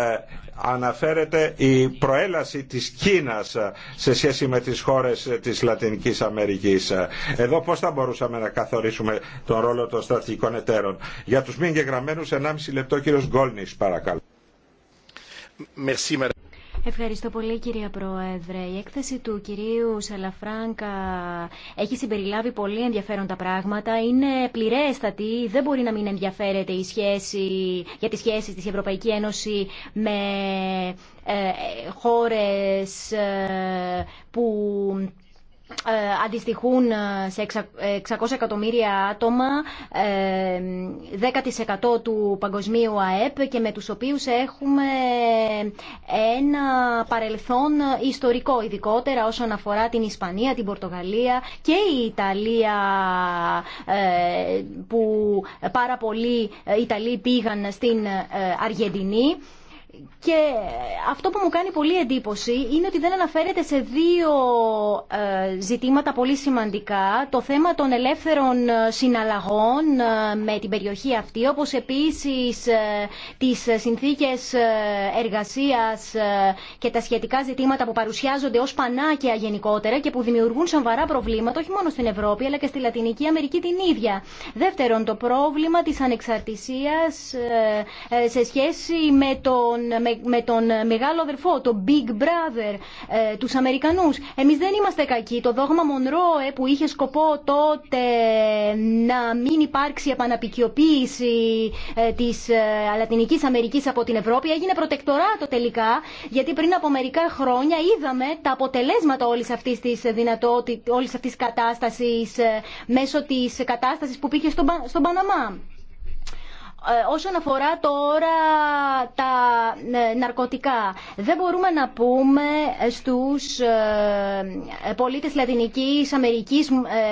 αναφέρεται η προέλαση της Κίνας σε σχέση με τις χώρες της Λατινικής Αμερικής. Εδώ πώς θα μπορούσαμε να καθορίσουμε τον ρόλο των στρατηγικών εταίρων. Για τους μη εγγεγραμμένους 1,5 λεπτό κύριος Γκόλνης παρακαλώ. Merci, Ευχαριστώ πολύ κυρία Πρόεδρε. Η έκθεση του κυρίου Σαλαφράγκα έχει συμπεριλάβει πολύ ενδιαφέροντα πράγματα. Είναι πληρέστατη, δεν μπορεί να μην ενδιαφέρεται η σχέση, για τη σχέση της Ευρωπαϊκή Ένωση με ε, ε χώρες ε, που ε, αντιστοιχούν ε, σε 600 εκατομμύρια άτομα, 10% ε, του παγκοσμίου ΑΕΠ και με τους οποίους έχουμε ένα παρελθόν ιστορικό, ειδικότερα όσον αφορά την Ισπανία, την Πορτογαλία και η Ιταλία που πάρα πολλοί Ιταλοί πήγαν στην Αργεντινή. Και αυτό που μου κάνει πολύ εντύπωση είναι ότι δεν αναφέρεται σε δύο ε, ζητήματα πολύ σημαντικά. Το θέμα των ελεύθερων ε, συναλλαγών ε, με την περιοχή αυτή, όπως επίσης τις συνθήκες εργασίας και τα σχετικά ζητήματα που παρουσιάζονται ως πανάκια γενικότερα και που δημιουργούν σοβαρά προβλήματα όχι μόνο στην Ευρώπη αλλά και στη Λατινική Αμερική την ίδια. Δεύτερον, το πρόβλημα της ανεξαρτησίας σε σχέση με τον με τον μεγάλο αδερφό, τον Big Brother, ε, τους Αμερικανούς. Εμείς δεν είμαστε κακοί. Το δόγμα Μονρόε που είχε σκοπό τότε να μην υπάρξει επαναπικιοποίηση ε, της ε, Λατινικής Αμερικής από την Ευρώπη έγινε προτεκτοράτο τελικά γιατί πριν από μερικά χρόνια είδαμε τα αποτελέσματα όλης αυτής της δυνατότητας, όλης αυτής της κατάστασης μέσω της κατάστασης που πήγε στον Παναμά. Ε, όσον αφορά τώρα τα ε, ναρκωτικά, δεν μπορούμε να πούμε στους ε, πολίτες Λατινικής Αμερικής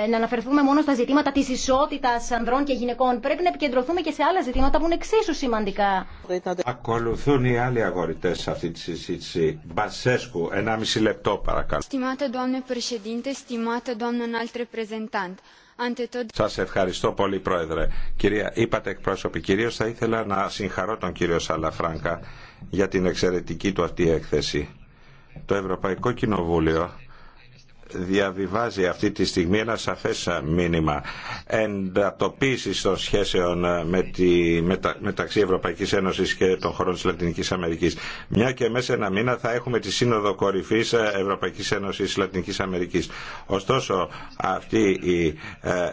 να αναφερθούμε μόνο στα ζητήματα της ισότητας ανδρών και γυναικών. Πρέπει να επικεντρωθούμε και σε άλλα ζητήματα που είναι εξίσου σημαντικά. Ακολουθούν οι άλλοι αγορητές σε αυτή τη συζήτηση. Μπασέσκου, 1,5 λεπτό παρακαλώ. Σας ευχαριστώ πολύ Πρόεδρε. Κυρία, είπατε εκπρόσωποι. Κυρίως θα ήθελα να συγχαρώ τον κύριο Σαλαφράγκα για την εξαιρετική του αυτή έκθεση. Το Ευρωπαϊκό Κοινοβούλιο διαβιβάζει αυτή τη στιγμή ένα σαφές μήνυμα εντατοποίηση των σχέσεων με τη, μεταξύ Ευρωπαϊκής Ένωσης και των χωρών της Λατινικής Αμερικής. Μια και μέσα ένα μήνα θα έχουμε τη Σύνοδο Κορυφής Ευρωπαϊκής Ένωσης Λατινικής Αμερικής. Ωστόσο, αυτή η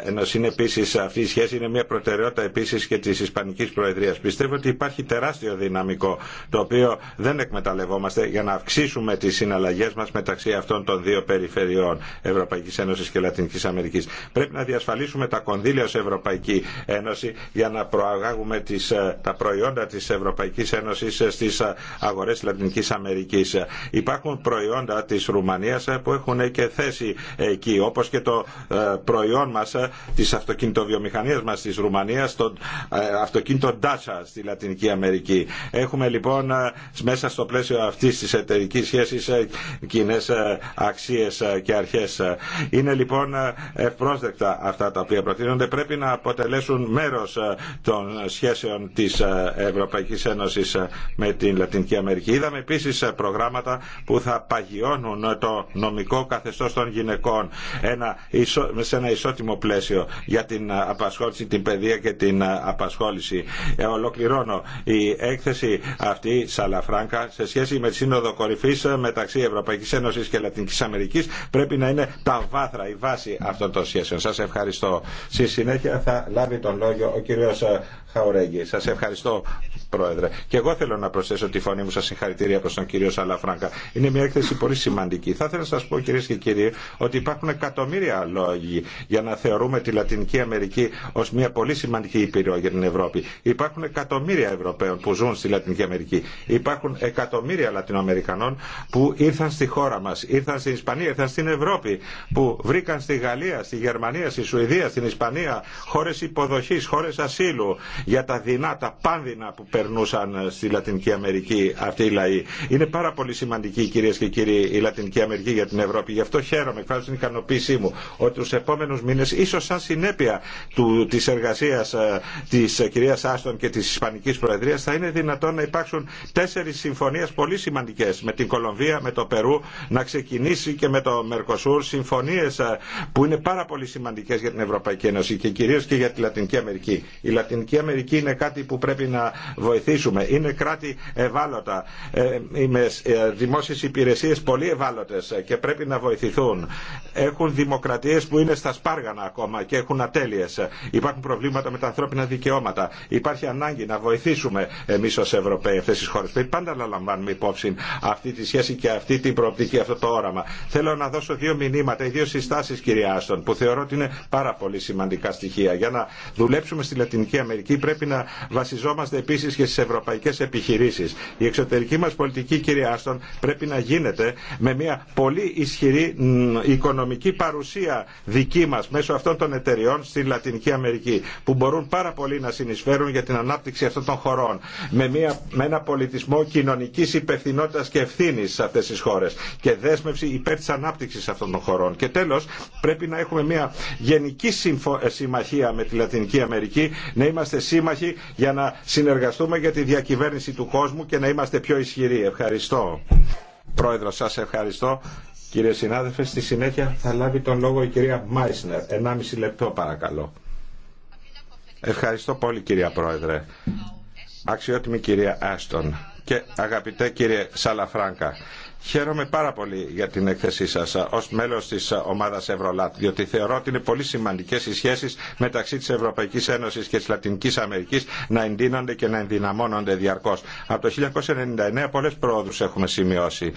Ένωση ε, είναι αυτή η σχέση είναι μια προτεραιότητα επίσης και της Ισπανικής Προεδρίας. Πιστεύω ότι υπάρχει τεράστιο δυναμικό το οποίο δεν εκμεταλλευόμαστε για να αυξήσουμε τις συναλλαγές μας μεταξύ αυτών των δύο περιφερειών χωρών Ευρωπαϊκή Ένωση και Λατινική Αμερική. Πρέπει να διασφαλίσουμε τα κονδύλια ω Ευρωπαϊκή Ένωση για να προαγάγουμε τις, ε, τα προϊόντα τη Ευρωπαϊκή Ένωση ε, στι ε, αγορέ Λατινική Αμερική. Υπάρχουν προϊόντα τη Ρουμανία που έχουν και θέση εκεί, όπω και το προϊόν μα τη αυτοκινητοβιομηχανία μα τη Ρουμανία, το αυτοκίνητο Ντάτσα στη Λατινική Αμερική. Έχουμε λοιπόν μέσα στο πλαίσιο αυτή τη εταιρική σχέση κοινέ αξίε και είναι λοιπόν ε, ευπρόσδεκτα αυτά τα οποία προτείνονται. Πρέπει να αποτελέσουν μέρο ε, των σχέσεων τη ε, Ευρωπαϊκή Ένωση με την Λατινική Αμερική. Είδαμε επίση προγράμματα που θα παγιώνουν το νομικό καθεστώ των γυναικών ένα, σε ένα ισότιμο πλαίσιο για την απασχόληση, την παιδεία και την απασχόληση. Ολοκληρώνω η έκθεση αυτή Σαλαφράγκα σε σχέση με τη Σύνοδο Κορυφής μεταξύ Ευρωπαϊκή Ένωση και Λατίνική Αμερική πρέπει να είναι τα βάθρα, η βάση αυτών των σχέσεων. Σας ευχαριστώ. Στη συνέχεια θα λάβει τον λόγο ο κύριος ε, Χαουρέγγι. Σας ευχαριστώ Πρόεδρε. Και εγώ θέλω να προσθέσω τη φωνή μου σα συγχαρητήρια προ τον κύριο Σαλαφράγκα. Είναι μια έκθεση πολύ σημαντική. Θα ήθελα να σας πω κύριε και κύριοι ότι υπάρχουν εκατομμύρια λόγοι για να θεωρούμε τη Λατινική Αμερική ω μια πολύ σημαντική ήπειρο για την Ευρώπη. Υπάρχουν εκατομμύρια Ευρωπαίων που ζουν στη Λατινική Αμερική. Υπάρχουν εκατομμύρια Λατινοαμερικανών που ήρθαν στη χώρα μα, ήρθαν στην Ισπανία, ήρθαν στην Ευρώπη, που βρήκαν στη Γαλλία, στη Γερμανία, στη Σουηδία, στην Ισπανία χώρε υποδοχή, χώρε ασύλου για τα δεινά, τα πάνδυνα που περνούσαν στη Λατινική Αμερική αυτή η λαοί. Είναι πάρα πολύ σημαντική κυρίε και κύριοι η Λατινική Αμερική για την Ευρώπη. Γι' αυτό χαίρομαι, εκφράζω την ικανοποίησή μου ότι του επόμενου μήνε, ίσω σαν συνέπεια τη εργασία ε, τη κυρία Άστον και τη Ισπανική Προεδρία, θα είναι δυνατόν να υπάρξουν τέσσερι συμφωνίε πολύ σημαντικέ με την Κολομβία, με το Περού, να ξεκινήσει και με το Μερκοσούρ συμφωνίε ε, που είναι πάρα πολύ σημαντικέ για την Ευρωπαϊκή Ένωση και κυρίω και για τη Λατινική Αμερική. Η Λατινική Αμερική Αμερική είναι κάτι που πρέπει να βοηθήσουμε. Είναι κράτη ευάλωτα, ε, Είναι ε, δημόσιες υπηρεσίες πολύ ευάλωτες και πρέπει να βοηθηθούν. Έχουν δημοκρατίες που είναι στα σπάργανα ακόμα και έχουν ατέλειες. Υπάρχουν προβλήματα με τα ανθρώπινα δικαιώματα. Υπάρχει ανάγκη να βοηθήσουμε εμείς ως Ευρωπαίοι αυτές τις χώρες. Πρέπει πάντα να λαμβάνουμε υπόψη αυτή τη σχέση και αυτή την προοπτική, αυτό το όραμα. Θέλω να δώσω δύο μηνύματα, δύο συστάσεις κυρία Άστον, που θεωρώ ότι είναι πάρα πολύ σημαντικά στοιχεία. Για να δουλέψουμε στη Λατινική Αμερική πρέπει να βασιζόμαστε επίση και στι ευρωπαϊκέ επιχειρήσει. Η εξωτερική μα πολιτική, κύριε Άστον, πρέπει να γίνεται με μια πολύ ισχυρή οικονομική παρουσία δική μα μέσω αυτών των εταιριών στη Λατινική Αμερική, που μπορούν πάρα πολύ να συνεισφέρουν για την ανάπτυξη αυτών των χωρών. Με, μια, με ένα πολιτισμό κοινωνική υπευθυνότητα και ευθύνη σε αυτέ τι χώρε και δέσμευση υπέρ τη ανάπτυξη αυτών των χωρών. Και τέλο, πρέπει να έχουμε μια γενική ε, συμμαχία με τη Λατινική Αμερική, να είμαστε σύμμαχοι για να συνεργαστούμε για τη διακυβέρνηση του κόσμου και να είμαστε πιο ισχυροί. Ευχαριστώ. Πρόεδρο, σας ευχαριστώ. Κύριε συνάδελφε, στη συνέχεια θα λάβει τον λόγο η κυρία Μάισνερ. 1,5 λεπτό παρακαλώ. Ευχαριστώ πολύ κυρία Πρόεδρε. Αξιότιμη κυρία Άστον και αγαπητέ κύριε Σαλαφράγκα. Χαίρομαι πάρα πολύ για την έκθεσή σα ε, ως μέλος της ε, ομάδας Ευρωλάτ, διότι θεωρώ ότι είναι πολύ σημαντικές οι σχέσεις μεταξύ της Ευρωπαϊκής Ένωσης και της Λατινικής Αμερικής να εντείνονται και να ενδυναμώνονται διαρκώ. Από το 1999 πολλέ προόδου έχουμε σημειώσει.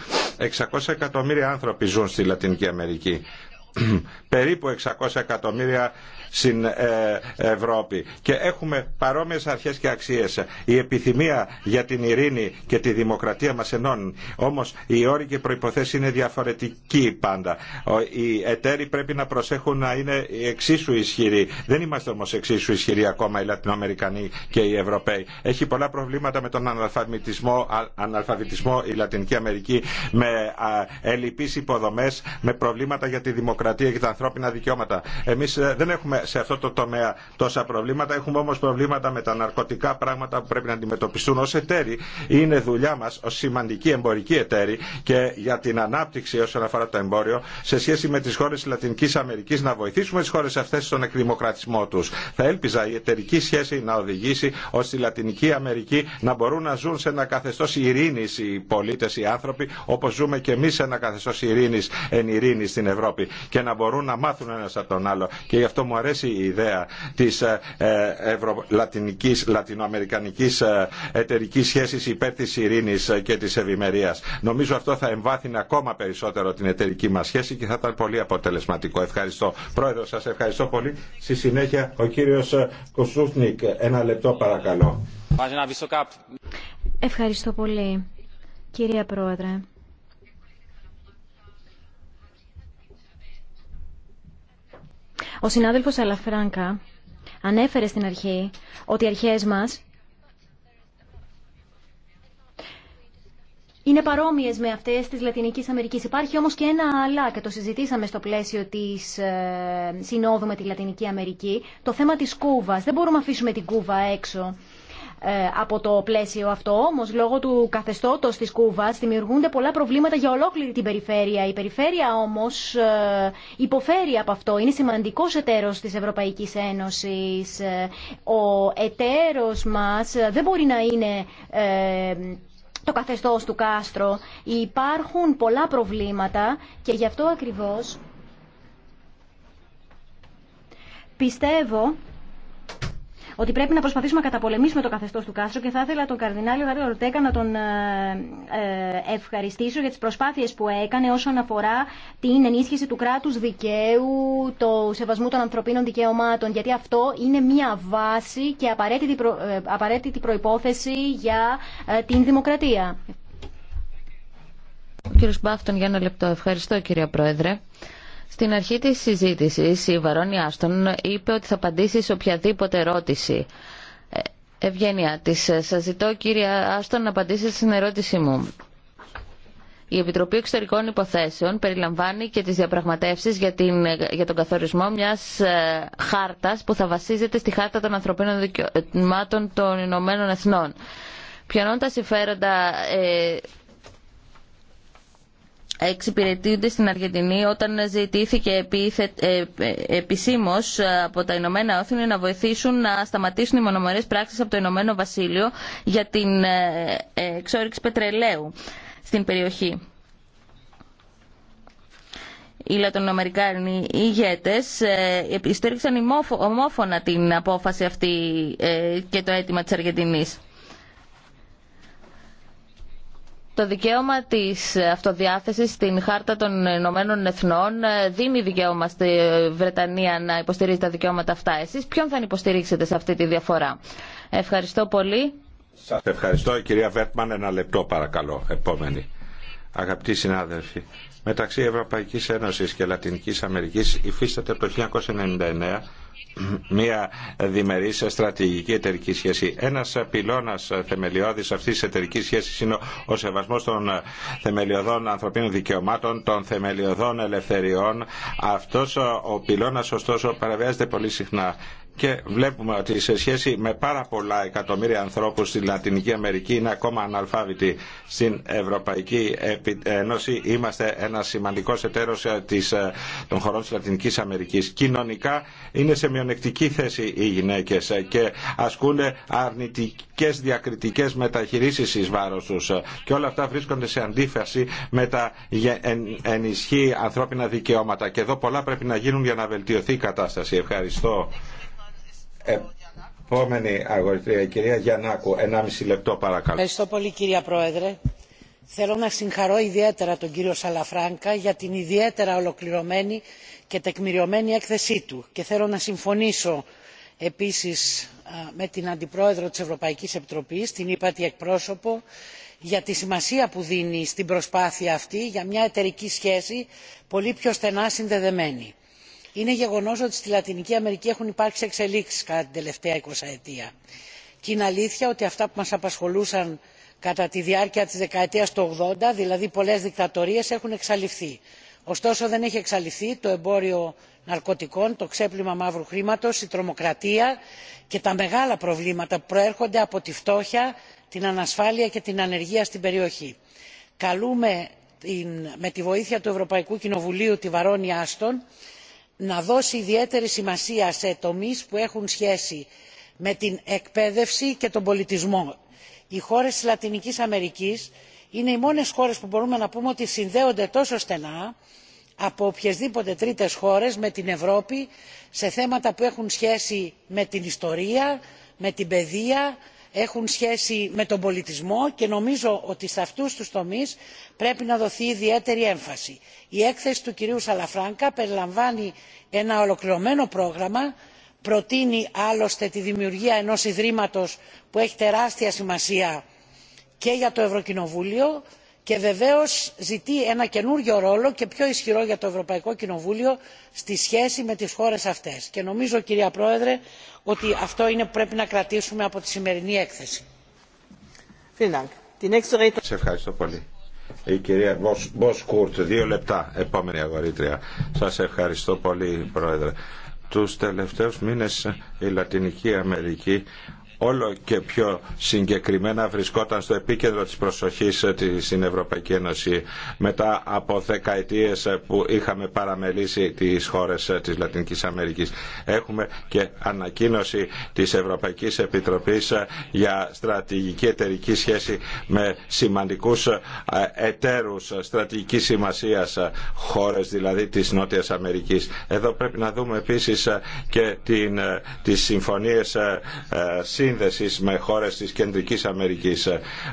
600 εκατομμύρια άνθρωποι ζουν στη Λατινική Αμερική περίπου 600 εκατομμύρια στην ε, Ευρώπη. Και έχουμε παρόμοιες αρχές και αξίες. Η επιθυμία για την ειρήνη και τη δημοκρατία μας ενώνουν. Όμως οι όροι και προϋποθέσεις είναι διαφορετικοί πάντα. Οι εταίροι πρέπει να προσέχουν να είναι εξίσου ισχυροί. Δεν είμαστε όμως εξίσου ισχυροί ακόμα οι Λατινοαμερικανοί και οι Ευρωπαίοι. Έχει πολλά προβλήματα με τον αναλφαβητισμό, αναλφαβητισμό η Λατινική Αμερική, με ελλειπείς υποδομές, με προβλήματα για τη δημοκρατία και τα ανθρώπινα δικαιώματα. Εμείς ε, δεν έχουμε σε αυτό το τομέα τόσα προβλήματα. Έχουμε όμω προβλήματα με τα ναρκωτικά πράγματα που πρέπει να αντιμετωπιστούν ω εταίροι. Είναι δουλειά μα ω σημαντική εμπορική εταίρη και για την ανάπτυξη όσον αφορά το εμπόριο σε σχέση με τι χώρε τη Λατινική Αμερική να βοηθήσουμε τι χώρε αυτέ στον εκδημοκρατισμό του. Θα έλπιζα η εταιρική σχέση να οδηγήσει ώστε η Λατινική Αμερική να μπορούν να ζουν σε ένα καθεστώ ειρήνη οι πολίτε οι άνθρωποι όπω ζούμε και εμεί σε ένα καθεστώ Ειρηνή εν ειρήνη στην Ευρώπη και να μπορούν να μάθουν ένα από τον άλλο. Και γι' αυτό μου αρέσει η ιδέα της ε, ε, ευρω... λατινικής, λατινοαμερικανικής ε, εταιρικής σχέσης υπέρ της ειρήνης και της ευημερίας. Νομίζω αυτό θα εμβάθυνε ακόμα περισσότερο την εταιρική μας σχέση και θα ήταν πολύ αποτελεσματικό. Ευχαριστώ. Πρόεδρο, σας ευχαριστώ πολύ. Στη συνέχεια ο κύριος Κουσούφνικ. Ένα λεπτό παρακαλώ. Ευχαριστώ πολύ. Κυρία Πρόεδρε, Ο συνάδελφος Αλαφράνκα ανέφερε στην αρχή ότι οι αρχές μας είναι παρόμοιες με αυτές της Λατινικής Αμερικής. Υπάρχει όμως και ένα αλλά και το συζητήσαμε στο πλαίσιο της ε, συνόδου με τη Λατινική Αμερική. Το θέμα της Κούβας. Δεν μπορούμε να αφήσουμε την Κούβα έξω. Ε, από το πλαίσιο αυτό. Όμω, λόγω του καθεστώτο τη Κούβα, δημιουργούνται πολλά προβλήματα για ολόκληρη την περιφέρεια. Η περιφέρεια όμω ε, υποφέρει από αυτό. Είναι σημαντικό εταίρο τη Ευρωπαϊκή Ένωση. Ε, ο εταίρο μα δεν μπορεί να είναι το καθεστώς του Κάστρο. Υπάρχουν πολλά προβλήματα και γι' αυτό ακριβώς πιστεύω ότι πρέπει να προσπαθήσουμε να καταπολεμήσουμε το καθεστώ του Κάστρο και θα ήθελα τον Καρδινάλιο Γαρίο Ορτέκα να τον ε, ε, ευχαριστήσω για τι προσπάθειε που έκανε όσον αφορά την ενίσχυση του κράτου δικαίου, το σεβασμού των ανθρωπίνων δικαιωμάτων. Γιατί αυτό είναι μια βάση και απαραίτητη, προ... Ε, προπόθεση για την δημοκρατία. κύριος για ένα λεπτό. Ευχαριστώ κυρία Πρόεδρε. Στην αρχή της συζήτησης η Βαρόνι Άστον είπε ότι θα απαντήσει σε οποιαδήποτε ερώτηση. Ε, ευγένεια της, σας ζητώ κυρία Άστον να απαντήσετε στην ερώτησή μου. Η Επιτροπή Εξωτερικών Υποθέσεων περιλαμβάνει και τις διαπραγματεύσεις για, την, για τον καθορισμό μιας ε, χάρτας που θα βασίζεται στη Χάρτα των Ανθρωπίνων ε, Δικαιωμάτων των Ηνωμένων Εθνών. Ποιανόν τα συμφέροντα ε, εξυπηρετούνται στην Αργεντινή όταν ζητήθηκε ε, ε, επισήμω από τα Ηνωμένα Όθηνα να βοηθήσουν να σταματήσουν οι μονομερές πράξεις από το Ηνωμένο Βασίλειο για την ε, εξόριξη πετρελαίου στην περιοχή. Οι Λατινοαμερικάνοι ηγέτες στήριξαν ομόφωνα την απόφαση αυτή και το αίτημα της Αργεντινής. Το δικαίωμα της αυτοδιάθεσης στην Χάρτα των Ηνωμένων Εθνών ε, δίνει δικαίωμα στη Βρετανία να υποστηρίζει τα δικαιώματα αυτά. Εσείς ποιον θα υποστηρίξετε σε αυτή τη διαφορά. Ευχαριστώ πολύ. Σας ευχαριστώ. κυρία Βέρτμαν, ένα λεπτό παρακαλώ. Επόμενη. Αγαπητοί συνάδελφοι, μεταξύ Ευρωπαϊκής Ένωσης και Λατινικής Αμερικής υφίσταται από το 1999 μια διμερής στρατηγική εταιρική σχέση. Ένα πυλώνα θεμελιώδη αυτή τη εταιρική σχέση είναι ο σεβασμό των θεμελιωδών ανθρωπίνων δικαιωμάτων, των θεμελιωδών ελευθεριών. Αυτό ο πυλώνα, ωστόσο, παραβιάζεται πολύ συχνά και βλέπουμε ότι σε σχέση με πάρα πολλά εκατομμύρια ανθρώπους στη Λατινική Αμερική είναι ακόμα αναλφάβητοι στην Ευρωπαϊκή Ένωση. Είμαστε ένα σημαντικό εταίρος ε, της, ε, των χωρών της Λατινικής Αμερικής. Κοινωνικά είναι σε μειονεκτική θέση οι γυναίκες ε, και ασκούν αρνητικές διακριτικές μεταχειρήσεις εις βάρος τους. Και όλα αυτά βρίσκονται σε αντίφαση με τα ενισχύ ανθρώπινα δικαιώματα. Και εδώ πολλά πρέπει να γίνουν για να βελτιωθεί η κατάσταση. Ευχαριστώ. Επόμενη η κυρία Γιαννάκου, 1,5 λεπτό παρακαλώ. Ευχαριστώ πολύ κυρία Πρόεδρε. Θέλω να συγχαρώ ιδιαίτερα τον κύριο Σαλαφράνκα για την ιδιαίτερα ολοκληρωμένη και τεκμηριωμένη έκθεσή του και θέλω να συμφωνήσω επίσης με την Αντιπρόεδρο της Ευρωπαϊκής Επιτροπής, την ΥΠΑΤΗ εκπρόσωπο, για τη σημασία που δίνει στην προσπάθεια αυτή για μια εταιρική σχέση πολύ πιο στενά συνδεδεμένη είναι γεγονό ότι στη λατινική αμερική έχουν υπάρξει εξελίξει κατά την τελευταία εικοσαετία και είναι αλήθεια ότι αυτά που μα απασχολούσαν κατά τη διάρκεια τη δεκαετία του 1980, δηλαδή πολλέ δικτατορίε, έχουν εξαλειφθεί. Ωστόσο δεν έχει εξαλειφθεί το εμπόριο ναρκωτικών, το ξέπλυμα μαύρου χρήματο, η τρομοκρατία και τα μεγάλα προβλήματα που προέρχονται από τη φτώχεια, την ανασφάλεια και την ανεργία στην περιοχή. Καλούμε με τη βοήθεια του Ευρωπαϊκού Κοινοβουλίου τη Βαρόνια Άστον να δώσει ιδιαίτερη σημασία σε τομείς που έχουν σχέση με την εκπαίδευση και τον πολιτισμό. οι χώρες της λατινικής αμερικής είναι οι μόνες χώρες που μπορούμε να πούμε ότι συνδέονται τόσο στενά από οποιασδήποτε τρίτες χώρες με την ευρώπη σε θέματα που έχουν σχέση με την ιστορία με την παιδεία έχουν σχέση με τον πολιτισμό και νομίζω ότι σε αυτούς τους τομείς πρέπει να δοθεί ιδιαίτερη έμφαση. η έκθεση του κυρίου Σαλαφράγκα περιλαμβάνει ένα ολοκληρωμένο πρόγραμμα προτείνει άλλωστε τη δημιουργία ενός ιδρύματος που έχει τεράστια σημασία και για το ευρωκοινοβούλιο και βεβαίω ζητεί ένα καινούριο ρόλο και πιο ισχυρό για το ευρωπαϊκό κοινοβούλιο στη σχέση με τις χώρες αυτές και νομίζω κυρία πρόεδρε ότι αυτό είναι που πρέπει να κρατήσουμε από τη σημερινή έκθεση. Σε ευχαριστώ πολύ. Η κυρία Μποσκούρτ, δύο λεπτά, επόμενη αγορήτρια. Σας ευχαριστώ πολύ, Πρόεδρε. Τους τελευταίους μήνες η Λατινική Αμερική όλο και πιο συγκεκριμένα βρισκόταν στο επίκεντρο της προσοχής ε, στην Ευρωπαϊκή Ένωση μετά από δεκαετίες ε, που είχαμε παραμελήσει τις χώρες ε, της Λατινικής Αμερικής. Έχουμε και ανακοίνωση της Ευρωπαϊκής Επιτροπής για στρατηγική εταιρική σχέση με σημαντικούς εταίρους στρατηγικής σημασίας χώρες δηλαδή της Νότιας Αμερικής. Εδώ πρέπει να δούμε επίσης και την, τις συμφωνίες σύνδεση με χώρε της Κεντρικής Αμερικής.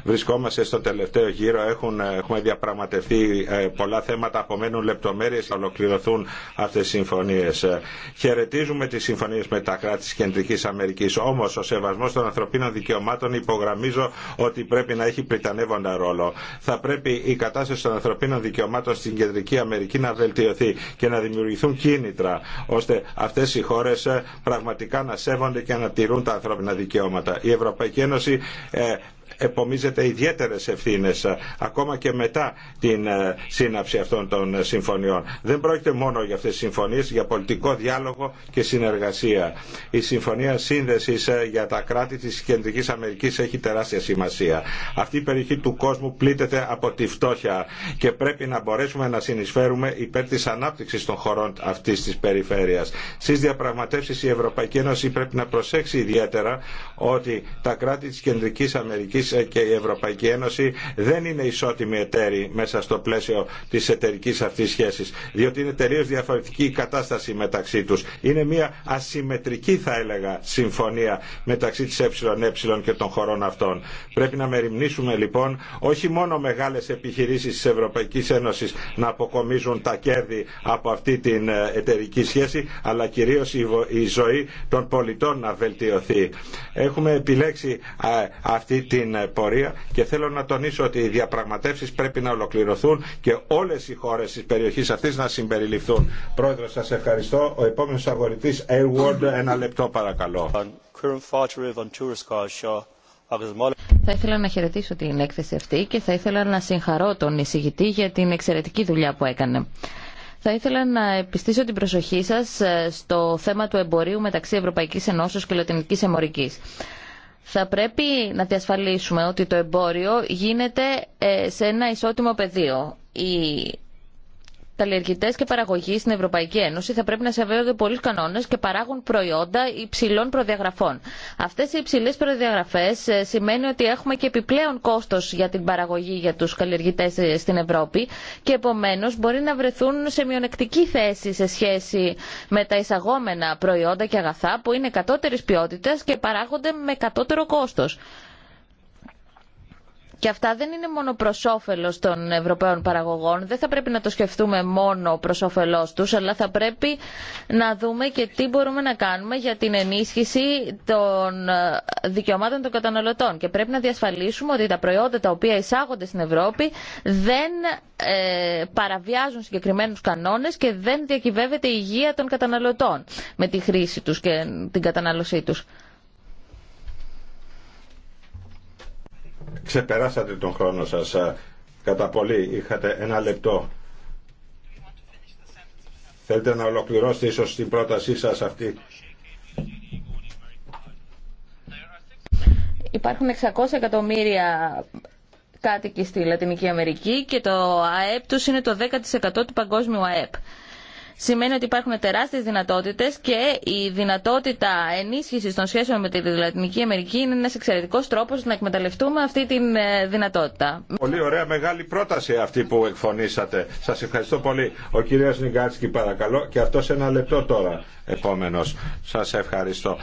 Βρισκόμαστε στο τελευταίο γύρο, έχουν, έχουμε διαπραγματευτεί ε, πολλά θέματα, απομένουν λεπτομέρειες, θα ολοκληρωθούν αυτές οι συμφωνίες. Χαιρετίζουμε τις συμφωνίες με τα κράτη της Κεντρικής Αμερικής, όμως ο σεβασμός των ανθρωπίνων δικαιωμάτων υπογραμμίζω ότι πρέπει να έχει πριτανεύοντα ρόλο. Θα πρέπει η κατάσταση των ανθρωπίνων δικαιωμάτων στην Κεντρική Αμερική να βελτιωθεί και να δημιουργηθούν κίνητρα, ώστε αυτές οι χώρες ε, πραγματικά να σέβονται και να τηρούν τα ανθρώπινα δικαιώματα δικαιώματα. Η Ευρωπαϊκή Ένωση ε, επομίζεται ιδιαίτερες ευθύνες ε, ακόμα και μετά την ε, σύναψη αυτών των ε, συμφωνιών. Δεν πρόκειται μόνο για αυτές τις συμφωνίες, για πολιτικό διάλογο και συνεργασία. Η Συμφωνία Σύνδεσης για τα κράτη της Κεντρικής Αμερικής έχει τεράστια σημασία. Αυτή η περιοχή του κόσμου πλήττεται από τη φτώχεια και πρέπει να μπορέσουμε να συνεισφέρουμε υπέρ της ανάπτυξης των χωρών αυτής της περιφέρειας. Στις διαπραγματεύσεις η Ευρωπαϊκή Ένωση πρέπει να προσέξει ιδιαίτερα ότι τα κράτη της Κεντρικής Αμερικής ε, και η Ευρωπαϊκή Ένωση δεν είναι ισότιμοι εταίροι μέσα στο πλαίσιο της εταιρικής αυτής σχέσης, διότι είναι τελείως διαφορετική η κατάσταση μεταξύ τους. Είναι μια ασυμμετρική θα έλεγα συμφωνία μεταξύ της ΕΕ και των χωρών αυτών. Πρέπει να μεριμνήσουμε λοιπόν όχι μόνο μεγάλες επιχειρήσεις της Ευρωπαϊκής Ένωσης να αποκομίζουν τα κέρδη από αυτή την ε, εταιρική σχέση, αλλά κυρίως η ζωή των πολιτών να βελτιωθεί. Έχουμε επιλέξει αυτή την πορεία και θέλω να τονίσω ότι οι διαπραγματεύσεις πρέπει να ολοκληρωθούν και όλες οι χώρες της περιοχής αυτής να συμπεριληφθούν. Πρόεδρο, σας ευχαριστώ. Ο επόμενος αγορητής Airworld, ένα λεπτό παρακαλώ. Θα ήθελα να χαιρετήσω την έκθεση αυτή και θα ήθελα να συγχαρώ τον εισηγητή για την εξαιρετική δουλειά που έκανε. Θα ήθελα να επιστήσω την προσοχή σας ε, στο θέμα του εμπορίου μεταξύ Ευρωπαϊκής Ενώσεως και Λατινικής Εμορικής. Θα πρέπει να διασφαλίσουμε ότι το εμπόριο γίνεται ε, σε ένα ισότιμο πεδίο καλλιεργητέ και παραγωγοί στην Ευρωπαϊκή Ένωση θα πρέπει να σεβαίνονται πολλού κανόνε και παράγουν προϊόντα υψηλών προδιαγραφών. Αυτέ οι υψηλέ προδιαγραφέ ε, σημαίνει ότι έχουμε και επιπλέον κόστο για την παραγωγή για του καλλιεργητέ ε, στην Ευρώπη και επομένω μπορεί να βρεθούν σε μειονεκτική θέση σε σχέση με τα εισαγόμενα προϊόντα και αγαθά που είναι κατώτερη ποιότητα και παράγονται με κατώτερο κόστο. Και αυτά δεν είναι μόνο προ όφελο των Ευρωπαίων παραγωγών. Δεν θα πρέπει να το σκεφτούμε μόνο προ όφελό του, αλλά θα πρέπει να δούμε και τι μπορούμε να κάνουμε για την ενίσχυση των ε, δικαιωμάτων των καταναλωτών. Και πρέπει να διασφαλίσουμε ότι τα προϊόντα τα οποία εισάγονται στην Ευρώπη δεν ε, παραβιάζουν συγκεκριμένου κανόνε και δεν διακυβεύεται η υγεία των καταναλωτών με τη χρήση του και την κατανάλωσή του. ξεπεράσατε τον χρόνο σας κατά πολύ. Είχατε ένα λεπτό. Θέλετε να ολοκληρώσετε ίσως την πρότασή σας αυτή. Υπάρχουν 600 εκατομμύρια κάτοικοι στη Λατινική Αμερική και το ΑΕΠ τους είναι το 10% του παγκόσμιου ΑΕΠ σημαίνει ότι υπάρχουν τεράστιες δυνατότητες και η δυνατότητα ενίσχυσης των σχέσεων με τη Λατινική Αμερική είναι ένας εξαιρετικός τρόπος να εκμεταλλευτούμε αυτή τη ε, δυνατότητα. Πολύ ωραία μεγάλη πρόταση αυτή που εκφωνήσατε. Σας ευχαριστώ πολύ. Ο κύριος Νιγκάτσκι παρακαλώ και αυτό σε ένα λεπτό τώρα επόμενος. Σας ευχαριστώ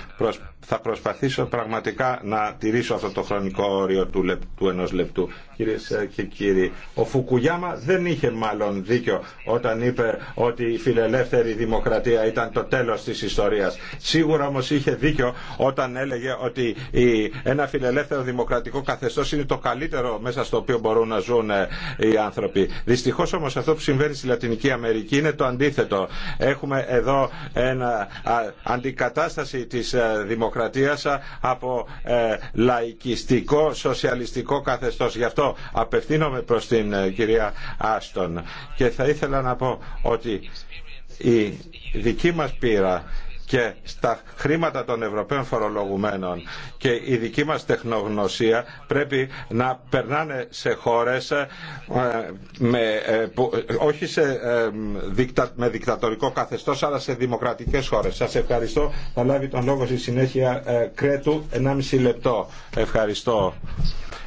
θα προσπαθήσω πραγματικά να τηρήσω αυτό το χρονικό όριο του, λεπ, του ενός λεπτού. Κυρίε και κύριοι, ο Φουκουγιάμα δεν είχε μάλλον δίκιο όταν είπε ότι η φιλελεύθερη δημοκρατία ήταν το τέλος της ιστορίας. Σίγουρα όμως είχε δίκιο όταν έλεγε ότι η, ένα φιλελεύθερο δημοκρατικό καθεστώς είναι το καλύτερο μέσα στο οποίο μπορούν να ζουν ε, οι άνθρωποι. Δυστυχώς όμως αυτό που συμβαίνει στη Λατινική Αμερική είναι το αντίθετο. Έχουμε εδώ ένα αντικατάσταση της ε, δημοκρατίας από ε, λαϊκιστικό, σοσιαλιστικό καθεστώ. Γι' αυτό απευθύνομαι προ την ε, κυρία Άστον. Και θα ήθελα να πω ότι η δική μας πείρα και στα χρήματα των Ευρωπαίων φορολογουμένων και η δική μας τεχνογνωσία πρέπει να περνάνε σε χώρες ε, με, ε, όχι σε, ε, με δικτατορικό καθεστώς αλλά σε δημοκρατικές χώρες. Σας ευχαριστώ. Θα λάβει τον λόγο στη συνέχεια Κρέτου 1,5 λεπτό. Ευχαριστώ.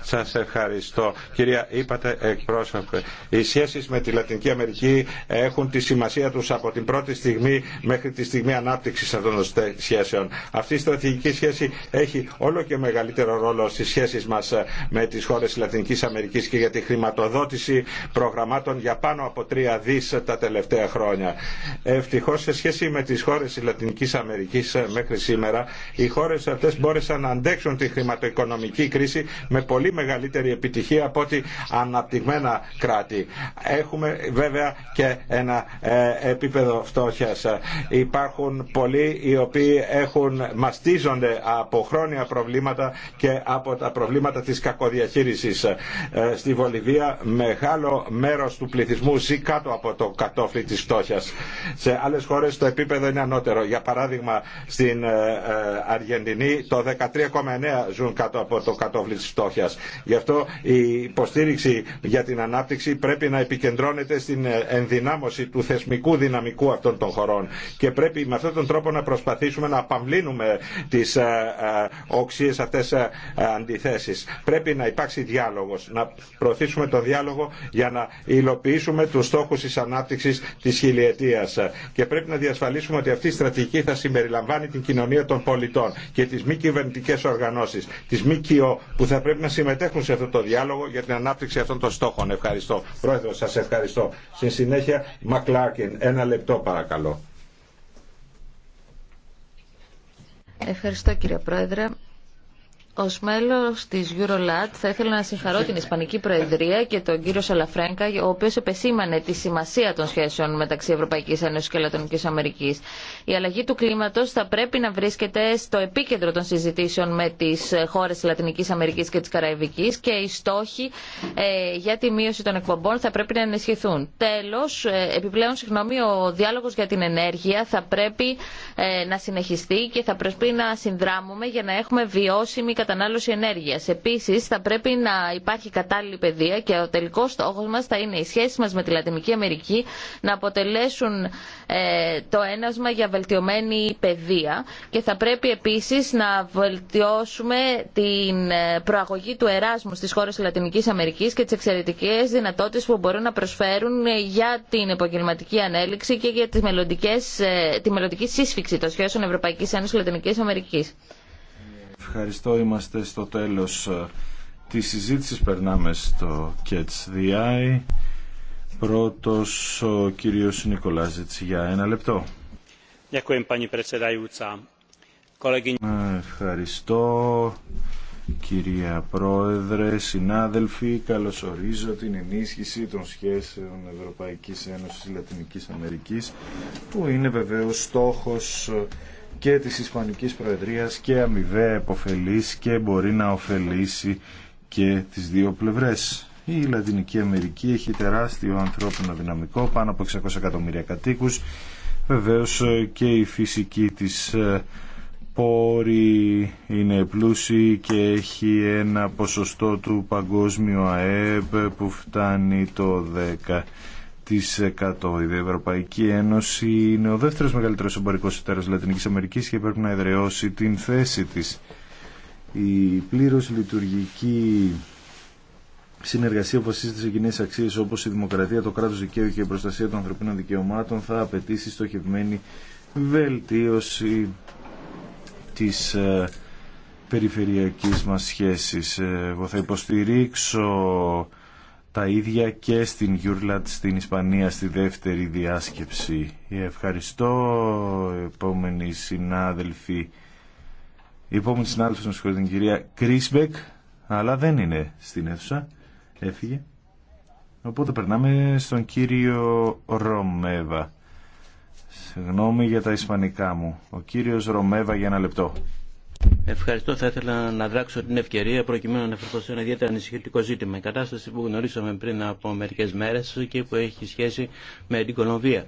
Σας ευχαριστώ. Κυρία, είπατε εκπρόσωπε, οι σχέσεις με τη Λατινική Αμερική έχουν τη σημασία τους από την πρώτη στιγμή μέχρι τη στιγμή ανάπτυξης αυτών των σχέσεων. Αυτή η στρατηγική σχέση έχει όλο και μεγαλύτερο ρόλο στις σχέσεις μας ε, με τις χώρες της Λατινικής Αμερικής και για τη χρηματοδότηση προγραμμάτων για πάνω από τρία δις ε, τα τελευταία χρόνια. Ευτυχώς σε σχέση με τις χώρες της Λατινικής Αμερικής ε, μέχρι σήμερα, οι χώρες αυτές μπόρεσαν να αντέξουν τη χρηματοοικονομική κρίση με πολύ μεγαλύτερη επιτυχία από ότι αναπτυγμένα κράτη. Έχουμε βέβαια και ένα ε, επίπεδο φτώχεια. Υπάρχουν πολλοί οι οποίοι έχουν, μαστίζονται από χρόνια προβλήματα και από τα προβλήματα της κακοδιαχείρισης. Ε, στη Βολιβία μεγάλο μέρος του πληθυσμού ζει κάτω από το κατόφλι της φτώχειας. Σε άλλες χώρες το επίπεδο είναι ανώτερο. Για παράδειγμα στην ε, Αργεντινή το 13,9 ζουν κάτω από το κατόφλι της φτώχειας. Γι' αυτό η υποστήριξη για την ανάπτυξη πρέπει να επικεντρώνεται στην ενδυνάμωση του θεσμικού δυναμικού αυτών των χωρών και πρέπει με αυτόν τον τρόπο να προσπαθήσουμε να απαμβλύνουμε τις ε, ε, οξύες αυτές ε, αντιθέσεις. Πρέπει να υπάρξει διάλογος, να προωθήσουμε τον διάλογο για να υλοποιήσουμε τους στόχους της ανάπτυξης της χιλιετίας και πρέπει να διασφαλίσουμε ότι αυτή η στρατηγική θα συμπεριλαμβάνει την κοινωνία των πολιτών και τις μη κυβερνητικέ οργανώσεις, τις ΜΚΟ που θα πρέπει να συμμετέχουν συμμετέχουν σε αυτό το διάλογο για την ανάπτυξη αυτών των στόχων. Ευχαριστώ. Πρόεδρο, σας ευχαριστώ. Στη συνέχεια, Μακλάρκιν, ένα λεπτό παρακαλώ. Ευχαριστώ κύριε Πρόεδρε. Ω μέλο τη Eurolat, θα ήθελα να συγχαρώ την Ισπανική Προεδρία και τον κύριο Σαλαφρέγκα, ο οποίο επεσήμανε τη σημασία των σχέσεων μεταξύ Ευρωπαϊκή Ένωση και Λατινική Αμερική. Η αλλαγή του κλίματο θα πρέπει να βρίσκεται στο επίκεντρο των συζητήσεων με τι χώρε τη Λατινική Αμερική και τη Καραϊβική και οι στόχοι ε, για τη μείωση των εκπομπών θα πρέπει να ενισχυθούν. Τέλο, ε, επιπλέον, συγγνώμη, ο διάλογο για την ενέργεια θα πρέπει ε, να συνεχιστεί και θα πρέπει να συνδράμουμε για να έχουμε βιώσιμη κατανάλωση ενέργεια. Επίσης, θα πρέπει να υπάρχει κατάλληλη παιδεία και ο τελικό στόχο μα θα είναι οι σχέσει μα με τη Λατινική Αμερική να αποτελέσουν ε, το ένασμα για βελτιωμένη παιδεία και θα πρέπει επίση να βελτιώσουμε την ε, προαγωγή του εράσμου στις χώρες της Λατινικής Αμερικής και τι εξαιρετικέ δυνατότητε που μπορούν να προσφέρουν ε, για την επαγγελματική ανέλυξη και για τις τη μελλοντική σύσφυξη των σχέσεων Ευρωπαϊκής Ένωση Λατινική Λατινικής Ευχαριστώ. Είμαστε στο τέλος ε, της συζήτησης. Περνάμε στο Catch the Eye. Πρώτος ο κύριος Νικολάζητς για ένα λεπτό. Ε, ευχαριστώ κυρία Πρόεδρε, συνάδελφοι, καλωσορίζω την ενίσχυση των σχέσεων Ευρωπαϊκής Ένωσης Λατινικής Αμερικής που είναι βεβαίως στόχος ε, και της Ισπανικής Προεδρίας και αμοιβαία επωφελής και μπορεί να ωφελήσει και τις δύο πλευρές. Η Λατινική Αμερική έχει τεράστιο ανθρώπινο δυναμικό, πάνω από 600 εκατομμύρια κατοίκους. Βεβαίως και η φυσική της ε, πόρη είναι πλούσιοι και έχει ένα ποσοστό του παγκόσμιου ΑΕΠ που φτάνει το 10%. Η Ευρωπαϊκή Ένωση είναι ο δεύτερος μεγαλύτερος εμπορικός εταίρος Λατινικής Αμερικής και πρέπει να εδραιώσει την θέση της. Η πλήρως λειτουργική συνεργασία που βασίζεται σε κοινέ αξίε όπω η δημοκρατία, το κράτο δικαίου και η προστασία των ανθρωπίνων δικαιωμάτων θα απαιτήσει στοχευμένη βελτίωση τη ε, περιφερειακής μας σχέσης. Ε, εγώ θα υποστηρίξω τα ίδια και στην Γιούρλαντ στην Ισπανία στη δεύτερη διάσκεψη. Ευχαριστώ επόμενη συνάδελφη η επόμενη συνάδελφη μας την κυρία Κρίσμπεκ αλλά δεν είναι στην αίθουσα έφυγε οπότε περνάμε στον κύριο Ρωμέβα συγγνώμη για τα ισπανικά μου ο κύριος Ρωμέβα για ένα λεπτό Ευχαριστώ. Θα ήθελα να δράξω την ευκαιρία προκειμένου να αναφερθώ σε ένα ιδιαίτερα ανησυχητικό ζήτημα. Η κατάσταση που γνωρίσαμε πριν από μερικέ μέρε και που έχει σχέση με την Κολομβία.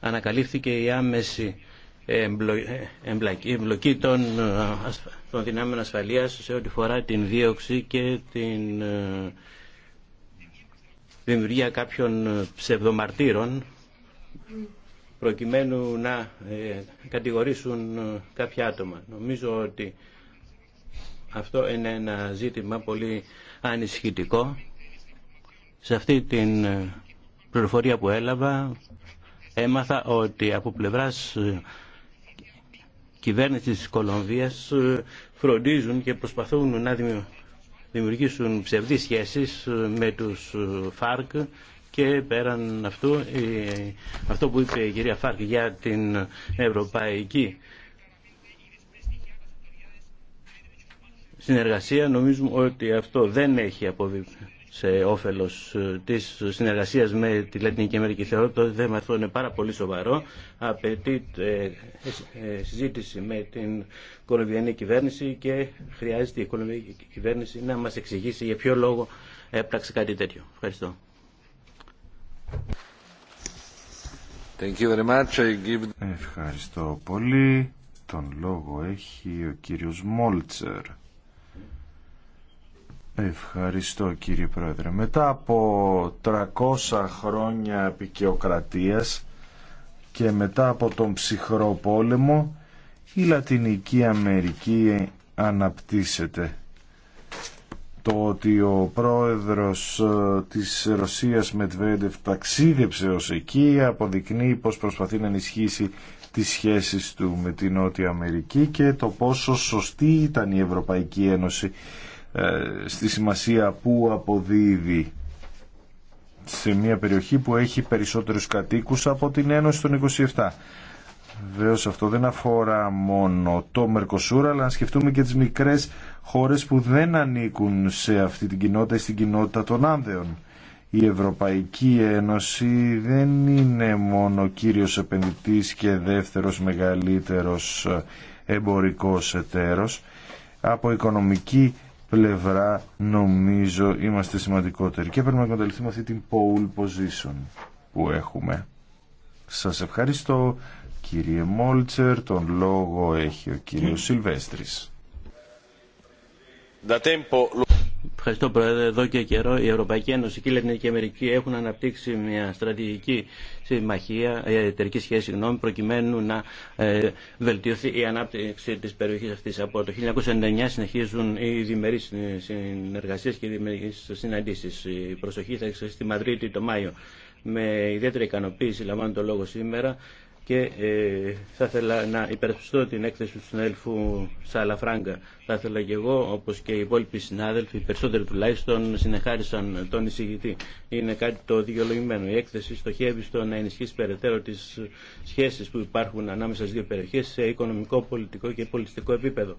Ανακαλύφθηκε η άμεση ε, εμπλοκή, των, ε, των δυνάμεων ασφαλείας σε ό,τι φορά την δίωξη και την ε, δημιουργία κάποιων ψευδομαρτύρων προκειμένου να ε, κατηγορήσουν ε, κάποια άτομα. Νομίζω ότι αυτό είναι ένα ζήτημα πολύ ανησυχητικό. Σε αυτή την ε, πληροφορία που έλαβα έμαθα ότι από πλευράς κυβέρνησης της Κολομβίας φροντίζουν και προσπαθούν να δημιουργήσουν ψευδείς σχέσεις με τους ΦΑΡΚ και πέραν αυτού αυτό που είπε η κυρία Φάρκ για την ευρωπαϊκή συνεργασία νομίζουμε ότι αυτό δεν έχει αποβεί σε όφελος της συνεργασίας με τη Λατινική Αμερική. Θεωρώ ότι το θέμα αυτό είναι πάρα πολύ σοβαρό. Απαιτεί ε, συζήτηση με την κολομβιανή κυβέρνηση και χρειάζεται η κολομβιανή κυβέρνηση να μας εξηγήσει για ποιο λόγο έπραξε κάτι τέτοιο. Ευχαριστώ. Ευχαριστώ πολύ. Τον λόγο έχει ο κύριος Μόλτσερ. Ευχαριστώ κύριε Πρόεδρε. Μετά από 300 χρόνια επικαιοκρατίας και μετά από τον ψυχρό πόλεμο η Λατινική Αμερική αναπτύσσεται το ότι ο πρόεδρος ε, της Ρωσίας Μετβέντεφ ταξίδεψε ως εκεί αποδεικνύει πως προσπαθεί να ενισχύσει τις σχέσεις του με την Νότια Αμερική και το πόσο σωστή ήταν η Ευρωπαϊκή Ένωση ε, στη σημασία που αποδίδει σε μια περιοχή που έχει περισσότερους κατοίκους από την Ένωση των 27. Βεβαίω αυτό δεν αφορά μόνο το Μερκοσούρα, αλλά να σκεφτούμε και τι μικρές χώρε που δεν ανήκουν σε αυτή την κοινότητα ή στην κοινότητα των Άνδεων. Η Ευρωπαϊκή Ένωση δεν είναι μόνο κύριος επενδυτής και δεύτερος μεγαλύτερος εμπορικός εταίρος. Από οικονομική πλευρά νομίζω είμαστε σημαντικότεροι και πρέπει να καταληθούμε αυτή την pole position που έχουμε. Σας ευχαριστώ κύριε Μόλτσερ. Τον λόγο έχει ο κύριος Σιλβέστρης. Ευχαριστώ Πρόεδρε. Εδώ και καιρό η Ευρωπαϊκή Ένωση και η Λατινική Αμερική έχουν αναπτύξει μια στρατηγική συμμαχία, ε, εταιρική σχέση γνώμη, προκειμένου να ε, βελτιωθεί η ανάπτυξη τη περιοχή αυτή. Από το 1999 συνεχίζουν οι διμερεί συνεργασίε και οι διμερεί συναντήσει. Η προσοχή θα έρθει στη Μαδρίτη το Μάιο. Με ιδιαίτερη ικανοποίηση λαμβάνω το λόγο σήμερα και ε, θα ήθελα να υπερασπιστώ την έκθεση του συνέλφου Σαλαφράγκα. Θα ήθελα και εγώ, όπω και οι υπόλοιποι συνάδελφοι, οι περισσότεροι τουλάχιστον, συνεχάρισαν τον εισηγητή. Είναι κάτι το δικαιολογημένο. Η έκθεση στοχεύει στο να ενισχύσει περαιτέρω τι σχέσει που υπάρχουν ανάμεσα στι δύο περιοχέ σε οικονομικό, πολιτικό και πολιτιστικό επίπεδο.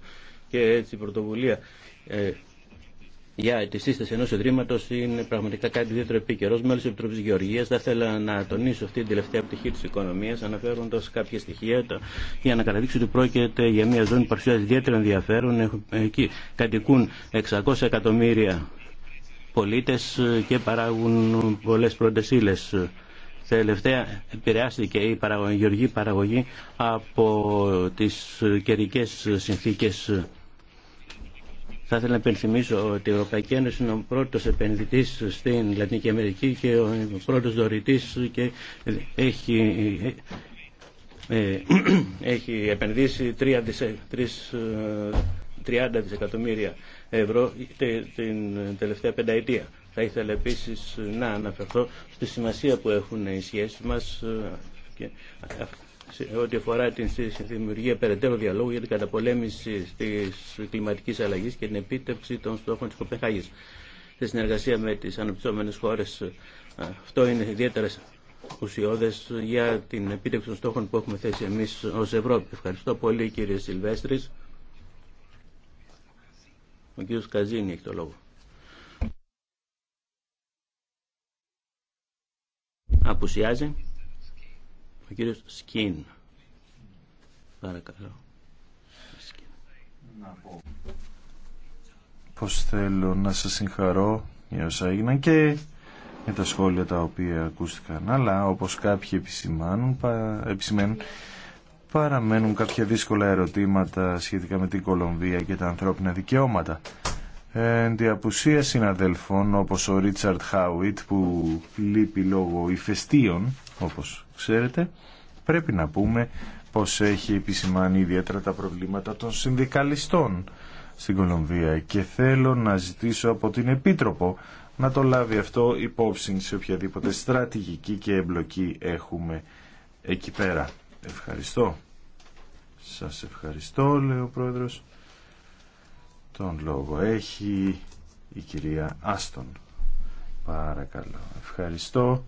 Και έτσι η πρωτοβουλία ε, για τη σύσταση ενό ιδρύματο είναι πραγματικά κάτι ιδιαίτερο επίκαιρο. Μέλο τη Επιτροπή Γεωργία, θα ήθελα να τονίσω αυτή την τελευταία πτυχή τη οικονομία, αναφέροντα κάποια στοιχεία για να καταδείξω ότι πρόκειται για μια ζώνη που παρουσιάζει ιδιαίτερο ενδιαφέρον. Εκεί κατοικούν 600 εκατομμύρια πολίτε και παράγουν πολλέ πρώτε ύλε. Τελευταία επηρεάστηκε η γεωργική παραγωγή από τις καιρικέ συνθήκες θα ήθελα να υπενθυμίσω ότι η Ευρωπαϊκή Ένωση είναι ο πρώτο επενδυτή στην Λατινική Αμερική και ο πρώτο δωρητή και έχει, ε, ε, έχει επενδύσει 30 ε, δισεκατομμύρια ευρώ την τελευταία πενταετία. Θα ήθελα επίση να αναφερθώ στη σημασία που έχουν οι σχέσει μας και ό,τι αφορά τη δημιουργία περαιτέρω διαλόγου για την καταπολέμηση τη κλιματική αλλαγή και την επίτευξη των στόχων τη Κοπεχάγη. Σε συνεργασία με τι αναπτυσσόμενε χώρε, ε, αυτό είναι ιδιαίτερα ουσιώδε για την επίτευξη των στόχων που έχουμε θέσει εμεί ω Ευρώπη. Ευχαριστώ πολύ, κύριε Σιλβέστρη. Ο κύριο Καζίνη έχει το λόγο. Απουσιάζει. Ο κύριος Σκίν. Παρακαλώ. πω. Πώς θέλω να σας συγχαρώ για όσα έγιναν και για τα σχόλια τα οποία ακούστηκαν. Αλλά όπως κάποιοι επισημάνουν, πα, επισημαίνουν, παραμένουν κάποια δύσκολα ερωτήματα σχετικά με την Κολομβία και τα ανθρώπινα δικαιώματα. Εν συναδελφών όπως ο Ρίτσαρτ Χάουιτ που λείπει λόγω ηφαιστείων όπως ξέρετε, πρέπει να πούμε πως έχει επισημάνει ιδιαίτερα τα προβλήματα των συνδικαλιστών στην Κολομβία και θέλω να ζητήσω από την Επίτροπο να το λάβει αυτό υπόψη σε οποιαδήποτε στρατηγική και εμπλοκή έχουμε εκεί πέρα. Ευχαριστώ. Σας ευχαριστώ, λέει ο Πρόεδρος. Τον λόγο έχει η κυρία Άστον. Παρακαλώ. Ευχαριστώ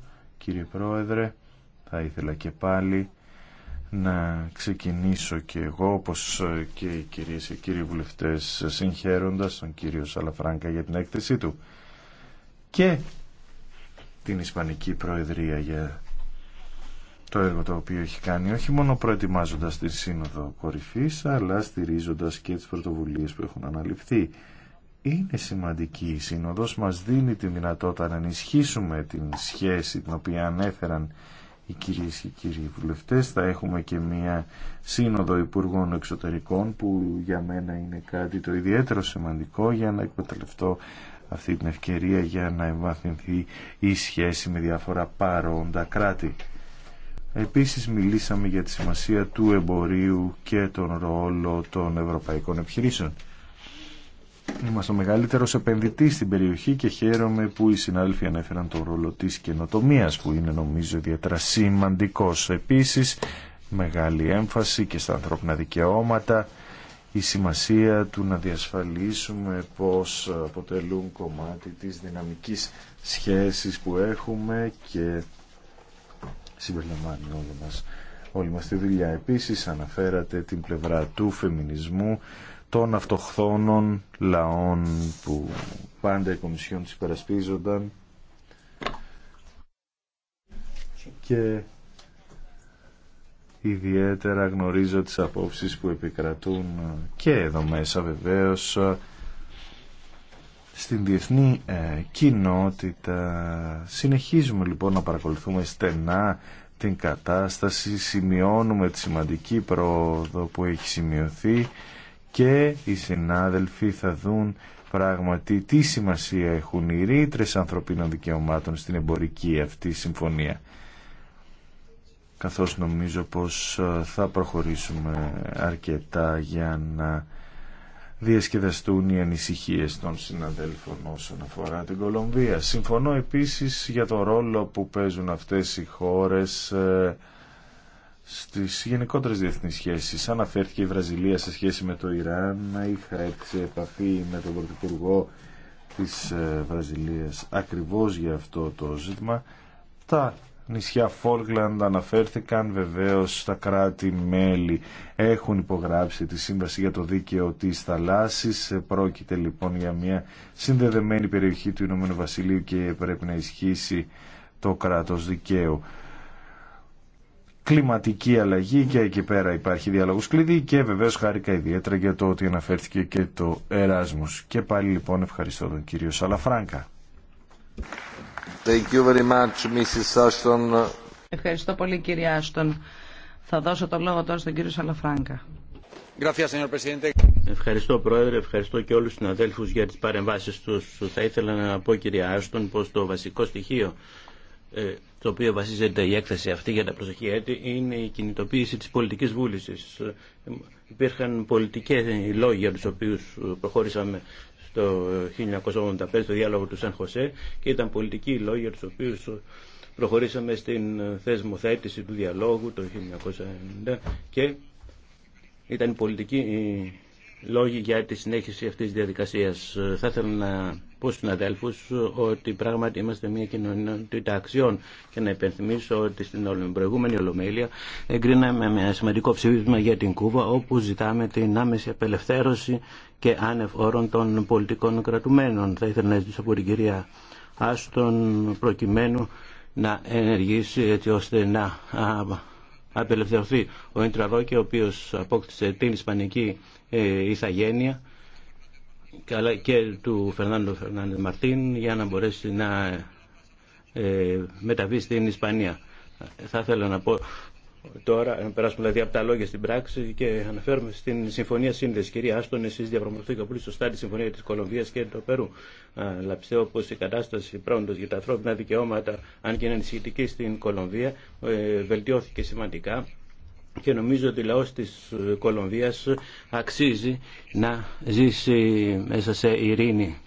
κύριε Πρόεδρε. Θα ήθελα και πάλι να ξεκινήσω και εγώ όπως και οι κυρίες και κύριοι βουλευτές συγχαίροντας τον κύριο Σαλαφράγκα για την έκθεσή του και την Ισπανική Προεδρία για το έργο το οποίο έχει κάνει όχι μόνο προετοιμάζοντας τη Σύνοδο Κορυφής αλλά στηρίζοντας και τις πρωτοβουλίες που έχουν αναλυφθεί είναι σημαντική η Σύνοδος, μας δίνει τη δυνατότητα να ενισχύσουμε την σχέση την οποία ανέφεραν οι κυρίες και κύριοι βουλευτές. Θα έχουμε και μία Σύνοδο Υπουργών Εξωτερικών που για μένα είναι κάτι το ιδιαίτερο σημαντικό για να εκμεταλλευτώ αυτή την ευκαιρία για να εμβαθυνθεί η σχέση με διάφορα παρόντα κράτη. Επίσης μιλήσαμε για τη σημασία του εμπορίου και τον ρόλο των ευρωπαϊκών επιχειρήσεων. Είμαστε ο μεγαλύτερο επενδυτής στην περιοχή και χαίρομαι που οι συνάδελφοι ανέφεραν τον ρόλο της καινοτομία, που είναι νομίζω ιδιαίτερα σημαντικό. Επίσης, μεγάλη έμφαση και στα ανθρώπινα δικαιώματα η σημασία του να διασφαλίσουμε πως αποτελούν κομμάτι της δυναμικής σχέσης που έχουμε και συμπεριλαμβάνει όλοι μας όλη μας τη δουλειά. Επίσης αναφέρατε την πλευρά του φεμινισμού των αυτοχθόνων λαών που πάντα οι Κομισιόν τις υπερασπίζονταν και ιδιαίτερα γνωρίζω τις απόψεις που επικρατούν και εδώ μέσα βεβαίως στην διεθνή ε, κοινότητα συνεχίζουμε λοιπόν να παρακολουθούμε στενά την κατάσταση σημειώνουμε τη σημαντική πρόοδο που έχει σημειωθεί και οι συνάδελφοι θα δουν πράγματι τι σημασία έχουν οι ρήτρες ανθρωπίνων δικαιωμάτων στην εμπορική αυτή συμφωνία καθώς νομίζω πως ε, θα προχωρήσουμε αρκετά για να διασκεδαστούν οι ανησυχίες των συναδέλφων όσον αφορά την Κολομβία. Συμφωνώ επίσης για το ρόλο που παίζουν αυτές οι χώρες ε, στις γενικότερες διεθνείς σχέσεις αναφέρθηκε η Βραζιλία σε σχέση με το Ιράν. Είχα έρθει επαφή με τον Πρωθυπουργό της ε, Βραζιλίας ακριβώς για αυτό το ζήτημα. Τα νησιά Φόρκλαντ αναφέρθηκαν βεβαίως στα κράτη-μέλη έχουν υπογράψει τη Σύμβαση για το Δίκαιο της Θαλάσση. πρόκειται λοιπόν για μια συνδεδεμένη περιοχή του Ηνωμένου Βασιλείου και πρέπει να ισχύσει το κράτος δικαίου κλιματική αλλαγή και εκεί πέρα υπάρχει διάλογος κλειδί και βεβαίως χάρηκα ιδιαίτερα για το ότι αναφέρθηκε και το εράσμος. Και πάλι λοιπόν ευχαριστώ τον κύριο Σαλαφράγκα. Thank you very much, Mrs. Ashton. Ευχαριστώ πολύ κύριε Άστον. Θα δώσω το λόγο τώρα στον κύριο Σαλαφράγκα. Ευχαριστώ Πρόεδρε, ευχαριστώ και όλους τους συναδέλφους για τις παρεμβάσεις τους. Θα ήθελα να πω κύριε Άστον πως το βασικό στοιχείο ε, το οποίο βασίζεται η έκθεση αυτή για τα προσοχή έτη είναι η κινητοποίηση της πολιτικής βούλησης. Υπήρχαν πολιτικές λόγοι για τους οποίους προχώρησαμε στο 1985 στο διάλογο του Σαν Χωσέ και ήταν πολιτικοί λόγοι για τους οποίους προχωρήσαμε στην θεσμοθέτηση του διαλόγου το 1990 και ήταν πολιτική λόγοι για τη συνέχιση αυτή τη διαδικασία. Θα ήθελα να πω στου αδέλφου ότι πράγματι είμαστε μια κοινωνία αξιών και να υπενθυμίσω ότι στην προηγούμενη Ολομέλεια εγκρίναμε ένα σημαντικό ψηφίσμα για την Κούβα όπου ζητάμε την άμεση απελευθέρωση και άνευ όρων των πολιτικών κρατουμένων. Θα ήθελα να ζητήσω από την κυρία Άστον προκειμένου να ενεργήσει έτσι ώστε να απελευθερωθεί ο Ιντραρόκε, ο οποίος απόκτησε την Ισπανική ε, ηθαγένεια αλλά και του Φερνάντο Φερνάνδε Μαρτίν για να μπορέσει να ε, μεταβεί στην Ισπανία. Θα ήθελα να πω Τώρα, να περάσουμε δηλαδή από τα λόγια στην πράξη και αναφέρουμε στην Συμφωνία Σύνδεση. Κυρία Άστον, εσεί διαπραγματευτείτε πολύ σωστά τη Συμφωνία τη Κολομβία και του Περού. Αλλά πιστεύω πω η κατάσταση πρώτον για τα ανθρώπινα δικαιώματα, αν και είναι ανησυχητική στην Κολομβία, ε, βελτιώθηκε σημαντικά και νομίζω ότι ο λαό τη ε, Κολομβίας αξίζει να ζήσει μέσα σε ειρήνη.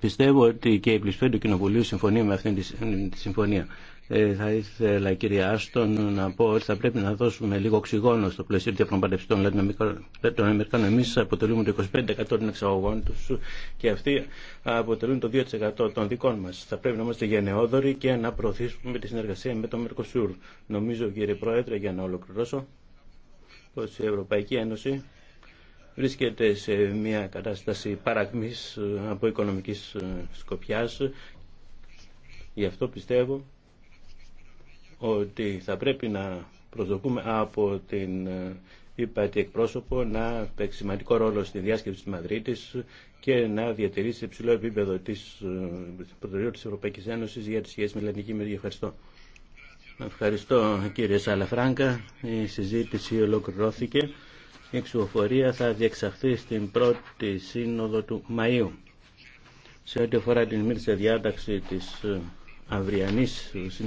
Πιστεύω ότι και η πλησφέρεια του Κοινοβουλίου συμφωνεί με αυτήν τη ε, συμφωνία. Ε, θα ήθελα κυρία Άστον να πω ότι θα πρέπει να δώσουμε λίγο οξυγόνο στο πλαίσιο των διαπραγματευτών Εμεί αποτελούμε το 25% των εξαγωγών του και αυτοί αποτελούν το 2% των δικών μα. Θα πρέπει να είμαστε γενναιόδοροι και να προωθήσουμε τη συνεργασία με το Μερκοσούρ. Νομίζω κύριε Πρόεδρε, για να ολοκληρώσω, πω η Ευρωπαϊκή Ένωση βρίσκεται σε μια κατάσταση παρακμής από οικονομικής σκοπιάς. Γι' αυτό πιστεύω ότι θα πρέπει να προσδοκούμε από την υπάτη ε, εκπρόσωπο να παίξει σημαντικό ρόλο στη διάσκεψη της Μαδρίτης και να διατηρήσει υψηλό επίπεδο της ε, Πρωτοβουλίας της Ευρωπαϊκής Ένωσης για τις σχέσεις με Ελληνική Μερική. Ευχαριστώ. Ευχαριστώ κύριε Σαλαφράγκα. Η συζήτηση ολοκληρώθηκε. Η εξουφορία θα διεξαχθεί στην πρώτη σύνοδο του Μαΐου. Σε ό,τι αφορά την μίληση διάταξη της ε, αυριανής